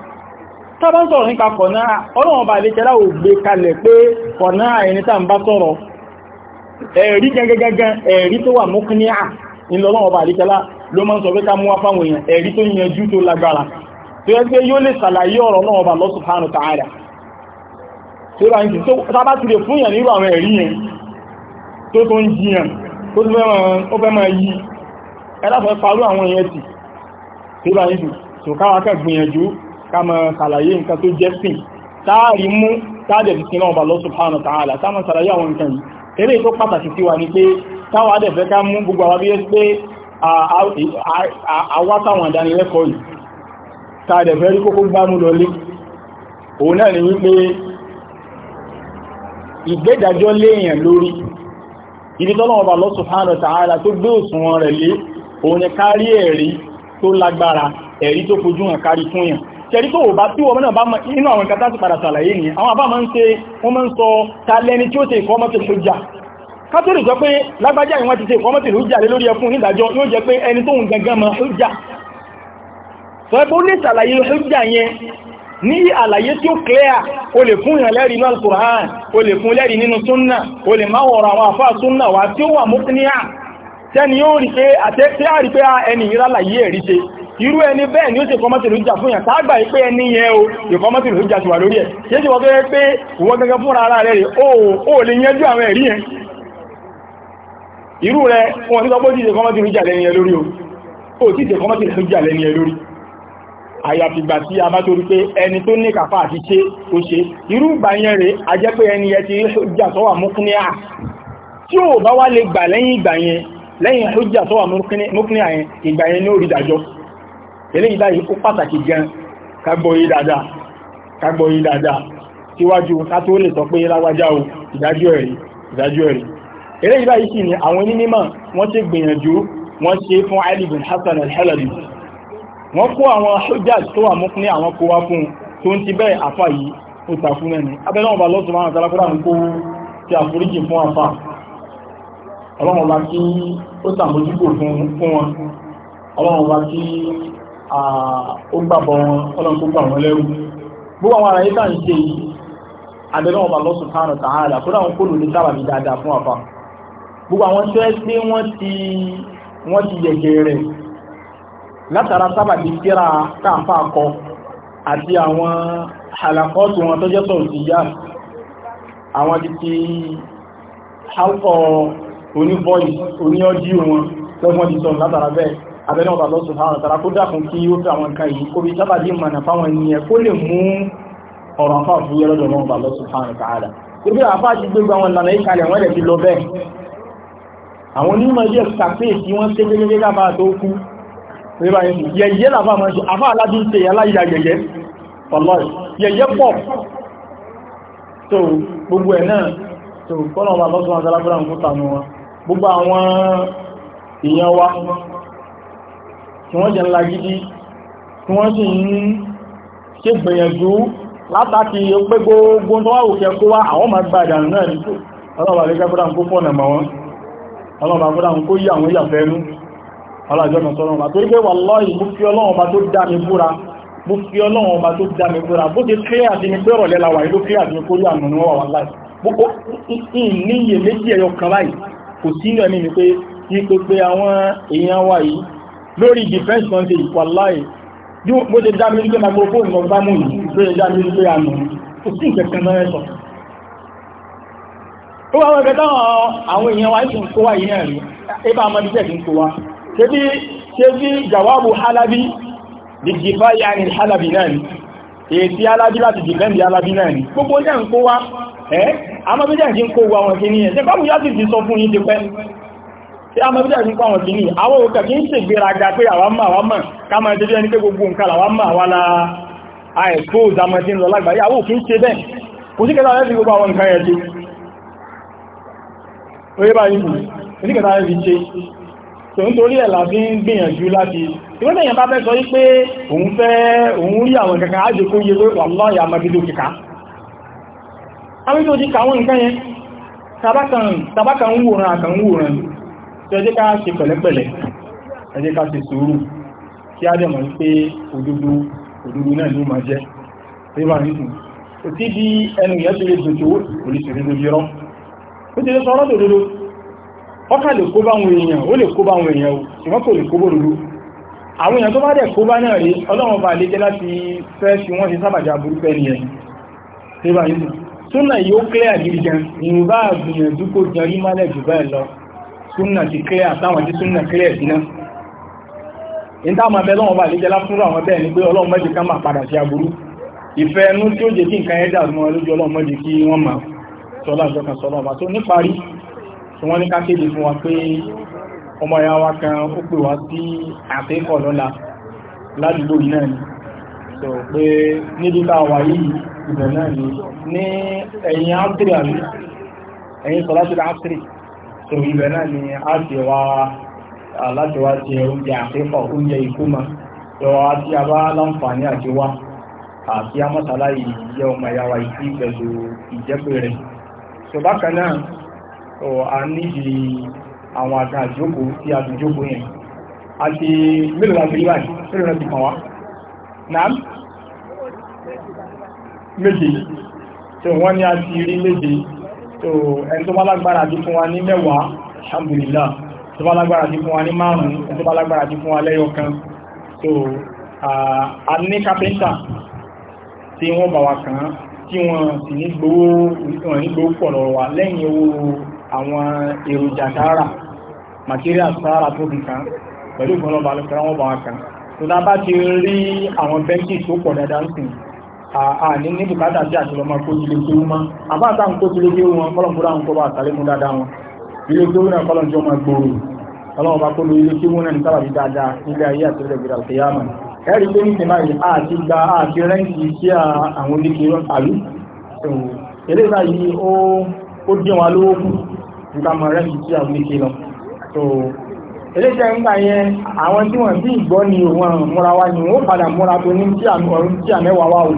tàbá ń sọ̀rọ̀ nípa kọ̀nà ọlọ́wọ̀n bá ilékẹ́lá ò gbé kalẹ̀ pé kọ̀nà ẹni tàà ń bá sọ̀rọ̀ ẹ̀rí gẹ́gẹ́gẹ́gẹ́ ẹ̀rí tó wà mọ́kúnníà ìlọ́wọ̀n bá ilékẹ́lá ló máa ń sọ pé ká mú wá fáwọn èèyàn ẹ̀rí tó yanjú tó lágbára tó yẹ pé yóò lè sàlàyé ọ̀rọ̀ náà ọba lọ́sù fáànù tààrà tó bá ń jì tó tábá lè fún yàn máa ń jì kama máa ṣàlàyé nǹkan tó jẹ́ sìn táàrí mú táàdẹ̀ fi sinú ọba lọ́sùn pàánù tààlà táà máa ṣàlàyé àwọn nǹkan yìí eré tó pàtàkì sí wa ni pé táwọn adẹ̀fẹ́ ká mú gbogbo àwọn abíyẹ́ pé àwa táwọn àdánilẹ́kọ̀ọ́ yìí táàdẹ̀ fẹ́ rí kókó gbámú lọlé òun náà ni wípé ìgbẹ́dàjọ́ léèyàn lórí ibi tọ́lọ́wọ́ bá lọ́sùn pàánù tààlà tó gbé lé tẹ̀rí tó bá tí wọ́n náà bá mọ̀ inú àwọn ìkàtà ti padà sàlàyé ni àwọn àbá máa ń ṣe wọ́n máa ń sọ tàlẹ́ni tí ó ṣe ìfọ́mọ́tì ló jà kátólì sọ pé lágbájá ìwọ́n ti ṣe ìfọ́mọ́tì ló jà lé lórí ẹkùn nídàjọ́ yóò jẹ́ pé ẹni tóun gangan mọ̀ ó jà sọ pé ó lè sàlàyé ó jà yẹn ní àlàyé tí ó clear o lè fún ìrànlẹ́rìí nínú al-Qur'an o lè fún lẹ́rìí nínú súnnà o lè máa àwọn àfáà súnnà wà tí ó wà mú ní tẹ́ni yóò rí pé àtẹ́kẹ́ àrí pé ẹni ìrànlàyé ẹ̀rí ṣe irú ẹni bẹ́ẹ̀ ni ó ṣe kọmọ́sílù ìjà fún yàn tágbà ipé ẹni yẹn o ìkọmọ́sílù ìjà ti wà lórí ẹ̀ kí é ṣe wọ́n tó yẹ pé ìwọ́n gẹ́gẹ́ fún ara rẹ̀ rẹ̀ o lè yẹnjú àwọn ẹ̀rí yẹn irú rẹ̀ wọn nígbà bóti ṣe kọmọ́sílù ìjà lẹ́ni ẹ lórí o ó ti ṣe kọmọ́sílù ìjà lẹ́ni ẹ lórí àyàfìgbà tí a bá torí pé ẹni tó ní kàfà àti jà lẹ́yìn ìgbà yẹn lẹ́yìn ìjà sọ́wà ìgbà yẹn ní orí ìdájọ́ eléyìí báyìí ó pàtàkì gan kagbọ́yé dáadáa kagbọ́yé dáadáa síwájú kátó lè sọ pé láwájá o ìdájọ́ ẹ̀rí ìdájọ́ ẹ̀rí eléyìí báyìí sì ni àwọn onímọ̀ wọ́n ti gbìyànjú wọ́n ṣe fún Ali bin Hassan al-Halabi wọ́n kó àwọn hujjaj tó wà mú ní àwọn kó wá fún tó ń ti bẹ́ẹ̀ àfà yìí ó ta fún ẹni abẹ́lẹ́ ọba lọ́sùn máa tara kúrò àmúkó ti àforíjì fún àfà ọlọ́run ọba kí ó sàmójúkò fún wọn ọlọ́run ọba kí ó gbàbọ̀ wọn ọlọ́run tó gbà wọn lẹ́rú gbogbo àwọn àlàyé tá à ń ṣe yìí àbẹ̀lẹ́ ọba Allah subhanahu wa ta'ala kó dáwọn kó lò ní sábàbí dáadáa fún àfa gbogbo àwọn tó ẹ́ pé wọ́n ti wọ́n ti yẹ̀gẹ̀ rẹ̀ látara sábàbí àti àwọn àlàkọ́ọ̀tù wọn tó jẹ́ sọ̀rọ̀ yá àwọn ti ti hálkọ̀ oní voice wọn lọ́gbọ́n ti látara bẹ́ẹ̀ abẹ́lẹ́ ọba lọ́sùn àwọn àtàrà kó dákun kí ó fi àwọn nǹkan yìí kó bí sábàdí mọ̀nà fáwọn ènìyàn kó lè mú ọ̀rọ̀ àfáà fún yẹ́ lọ́dọ̀ ọba lọ́sùn àwọn àtàrà gbogbo àfáà ti gbégbá wọn lànà ìkàlẹ̀ wọ́n lẹ̀ ti lọ bẹ́ẹ̀ àwọn onímọ̀ ilé ṣàkíyèsí wọ́n ṣe gẹ́gẹ́ lábá tó kú yẹ̀yẹ́ làbá máa ṣe àfáà lábí ń tí wọ́n jẹ́ ńlá gidi tí wọ́n sì ń ṣe gbìyànjú látàkì pé gbogbo tó wà òkè kó wá àwọn máa gba ìdànù náà ní tó ọlọ́bàá lè gbọ́dá ń kó fọ́nà mọ́ wọn ọlọ́bàá gbọ́dá ń kó yí àwọn ìyàfẹ́ ẹnu ọlọ́jọ́ kan sọ́lọ́wọ́ tó gbé wà lọ́yìn mú fi ọlọ́wọ́ bá tó dá mi búra kò sí ní ẹni pé ní àwọn èèyàn wa yìí lórí defense country ìpàláì mo ṣe dá mi ní pé microphone lọ bá mú yìí ló ṣe dá mi ní pé àmì kò sí ìkẹ̀kẹ́ mẹ́rẹ́ sọ ó wá wẹ́gbẹ́ táwọn àwọn èèyàn wa ìsìn kó wá yìí náà rí ẹbá ọmọdé tẹ̀sí kó wá ṣe bí jawabu halabi di jìfá yàrin halabi náà ni èsì halabi láti defend halabi náà ni gbogbo jẹ́ ń kó wá ẹ́ àmọ́ bí jẹ́ ń kó wá wọn kí ní ẹ̀ tí a mọ̀ bí dàbí kọ́ àwọn kìíní àwọn òkè kìí ṣe gbéraga pé àwa mọ̀ àwa mọ̀ ká máa jẹ́ ẹni pé gbogbo nǹkan àwa mọ̀ àwa la àìkóòz amọ̀tí lọ lágbàáyé àwọn òkè ṣe bẹ́ẹ̀ kò sí kẹta rẹ̀ gbogbo àwọn nǹkan yẹn ṣe orí bá yìí kò sí kẹta rẹ̀ fi ṣe tò ń torí ẹ̀ la fi ń gbìyànjú láti ìwé lẹ́yìn bá fẹ́ sọ yí pé òun fẹ́ òun rí àwọn kankan ájò kó yẹ lórí wàláyé amọ̀tí kíkà àwọn tó ti kà àwọn nǹkan yẹn tabakan wòran àkàn wòran tó ẹ jẹ́ ká ṣe pẹ̀lẹ́pẹ̀lẹ́ ẹ jẹ́ ká ṣe sùúrù kí á dẹ̀mọ̀ pé òdodo òdodo náà ló máa jẹ́ rírà nìkù kò tí bí ẹnu ìyá ti lè dòjò olùsèré lórí rọ́ ó ti lè sọ ọ́rọ́ òdodo ọkà lè kó bá àwọn èèyàn ó lè kó bá àwọn èèyàn o ṣùgbọ́n kò lè kó bó òdodo àwọn èèyàn tó bá dẹ̀ náà yóò clear gidi gan ìrùbá àgbìyànjú kó jẹrí málẹ̀ jù bẹ́ẹ̀ lọ súnà ti clear táwọn tí súnà clear síná ìta ma bẹ lọ́wọ́ bá lè jẹlá fúnra àwọn bẹ́ẹ̀ ni pé ọlọ́run mẹ́jì ká máa padà sí aburú ìfẹ́ ẹnu tí ó jẹ́ kí nǹkan ẹ̀dà mọ́ lójú ọlọ́run mẹ́jì kí wọ́n máa sọlá ìjọkan sọlá ọba tó níparí tí wọ́n ní ká kéde fún wa pé ya wa kan ó pè sí àtẹ́kọ̀ ni sọ pé tó ibẹ̀ náà ni a ti wá láti wá ti oúnjẹ àkẹ́kọ̀ọ́ oúnjẹ ìkúmọ lọ́wọ́ tí a bá láǹfààní àti wá àti amọ́sálá ìyẹ́ ọmọ ìyá wa ìsí pẹ̀lú ìjẹ́pẹ̀ rẹ̀ tó bákan náà tó a níbi àwọn àga àjókòó tí a ti jókòó yẹn àti mélòó la ti rí báyìí mélòó la ti kàn wá náà méje tó ẹni tó bá lágbára jí fún wa ní mẹ́wàá alhamdulillah tó bá lágbára jí fún wa ní márùn-ún ẹni tó bá lágbára jí fún wa lẹ́yọ kan tó a ní kápẹ́ntà tí wọ́n bá wa kàn án tí wọ́n sì ní gbowó pọ̀lọ̀ wà lẹ́yìn owó àwọn èròjà tààrà material tààrà tó bì kan pẹ̀lú ìgbọ́nà balùwẹ̀ wọ́n bá wa àní ní bùkátà sí àṣìlọ máa kó ilé tó mọ́ àbá àtàwọn kó ilé tó wọn kọ́lọ̀ fúra wọn kọ́ bá àtàlẹ́ mú dáadáa wọn ilé tó náà kọ́lọ̀ jọ máa gbòòrò ọlọ́wọ́ bá kó lo ilé tó wọn náà ní sábàbí dáadáa nílé ayé àti ńgbà yẹn àwọn tí wọ́n bí ìgbọ́ ni òun àrùn múra wá ni wọ́n padà múra tó ní tí àmẹ́wàá wá òun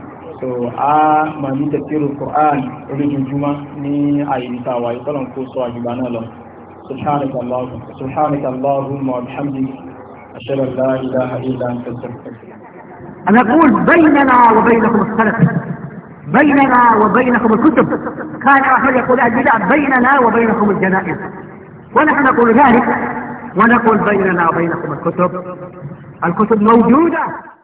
so a máa ní tafsiru Qur'an oríjìjúmọ́ ní àyíká wa ìtọ́lọ̀ kó sọ àjùbá náà lọ subhanaka allahumma wa bihamdika ashhadu an la ilaha illa anta astaghfiruka أنا أقول بيننا وبينكم السلف بيننا وبينكم الكتب كان أحد يقول البدع بيننا وبينكم الجنائز ونحن نقول ذلك ونقول بيننا وبينكم الكتب الكتب موجودة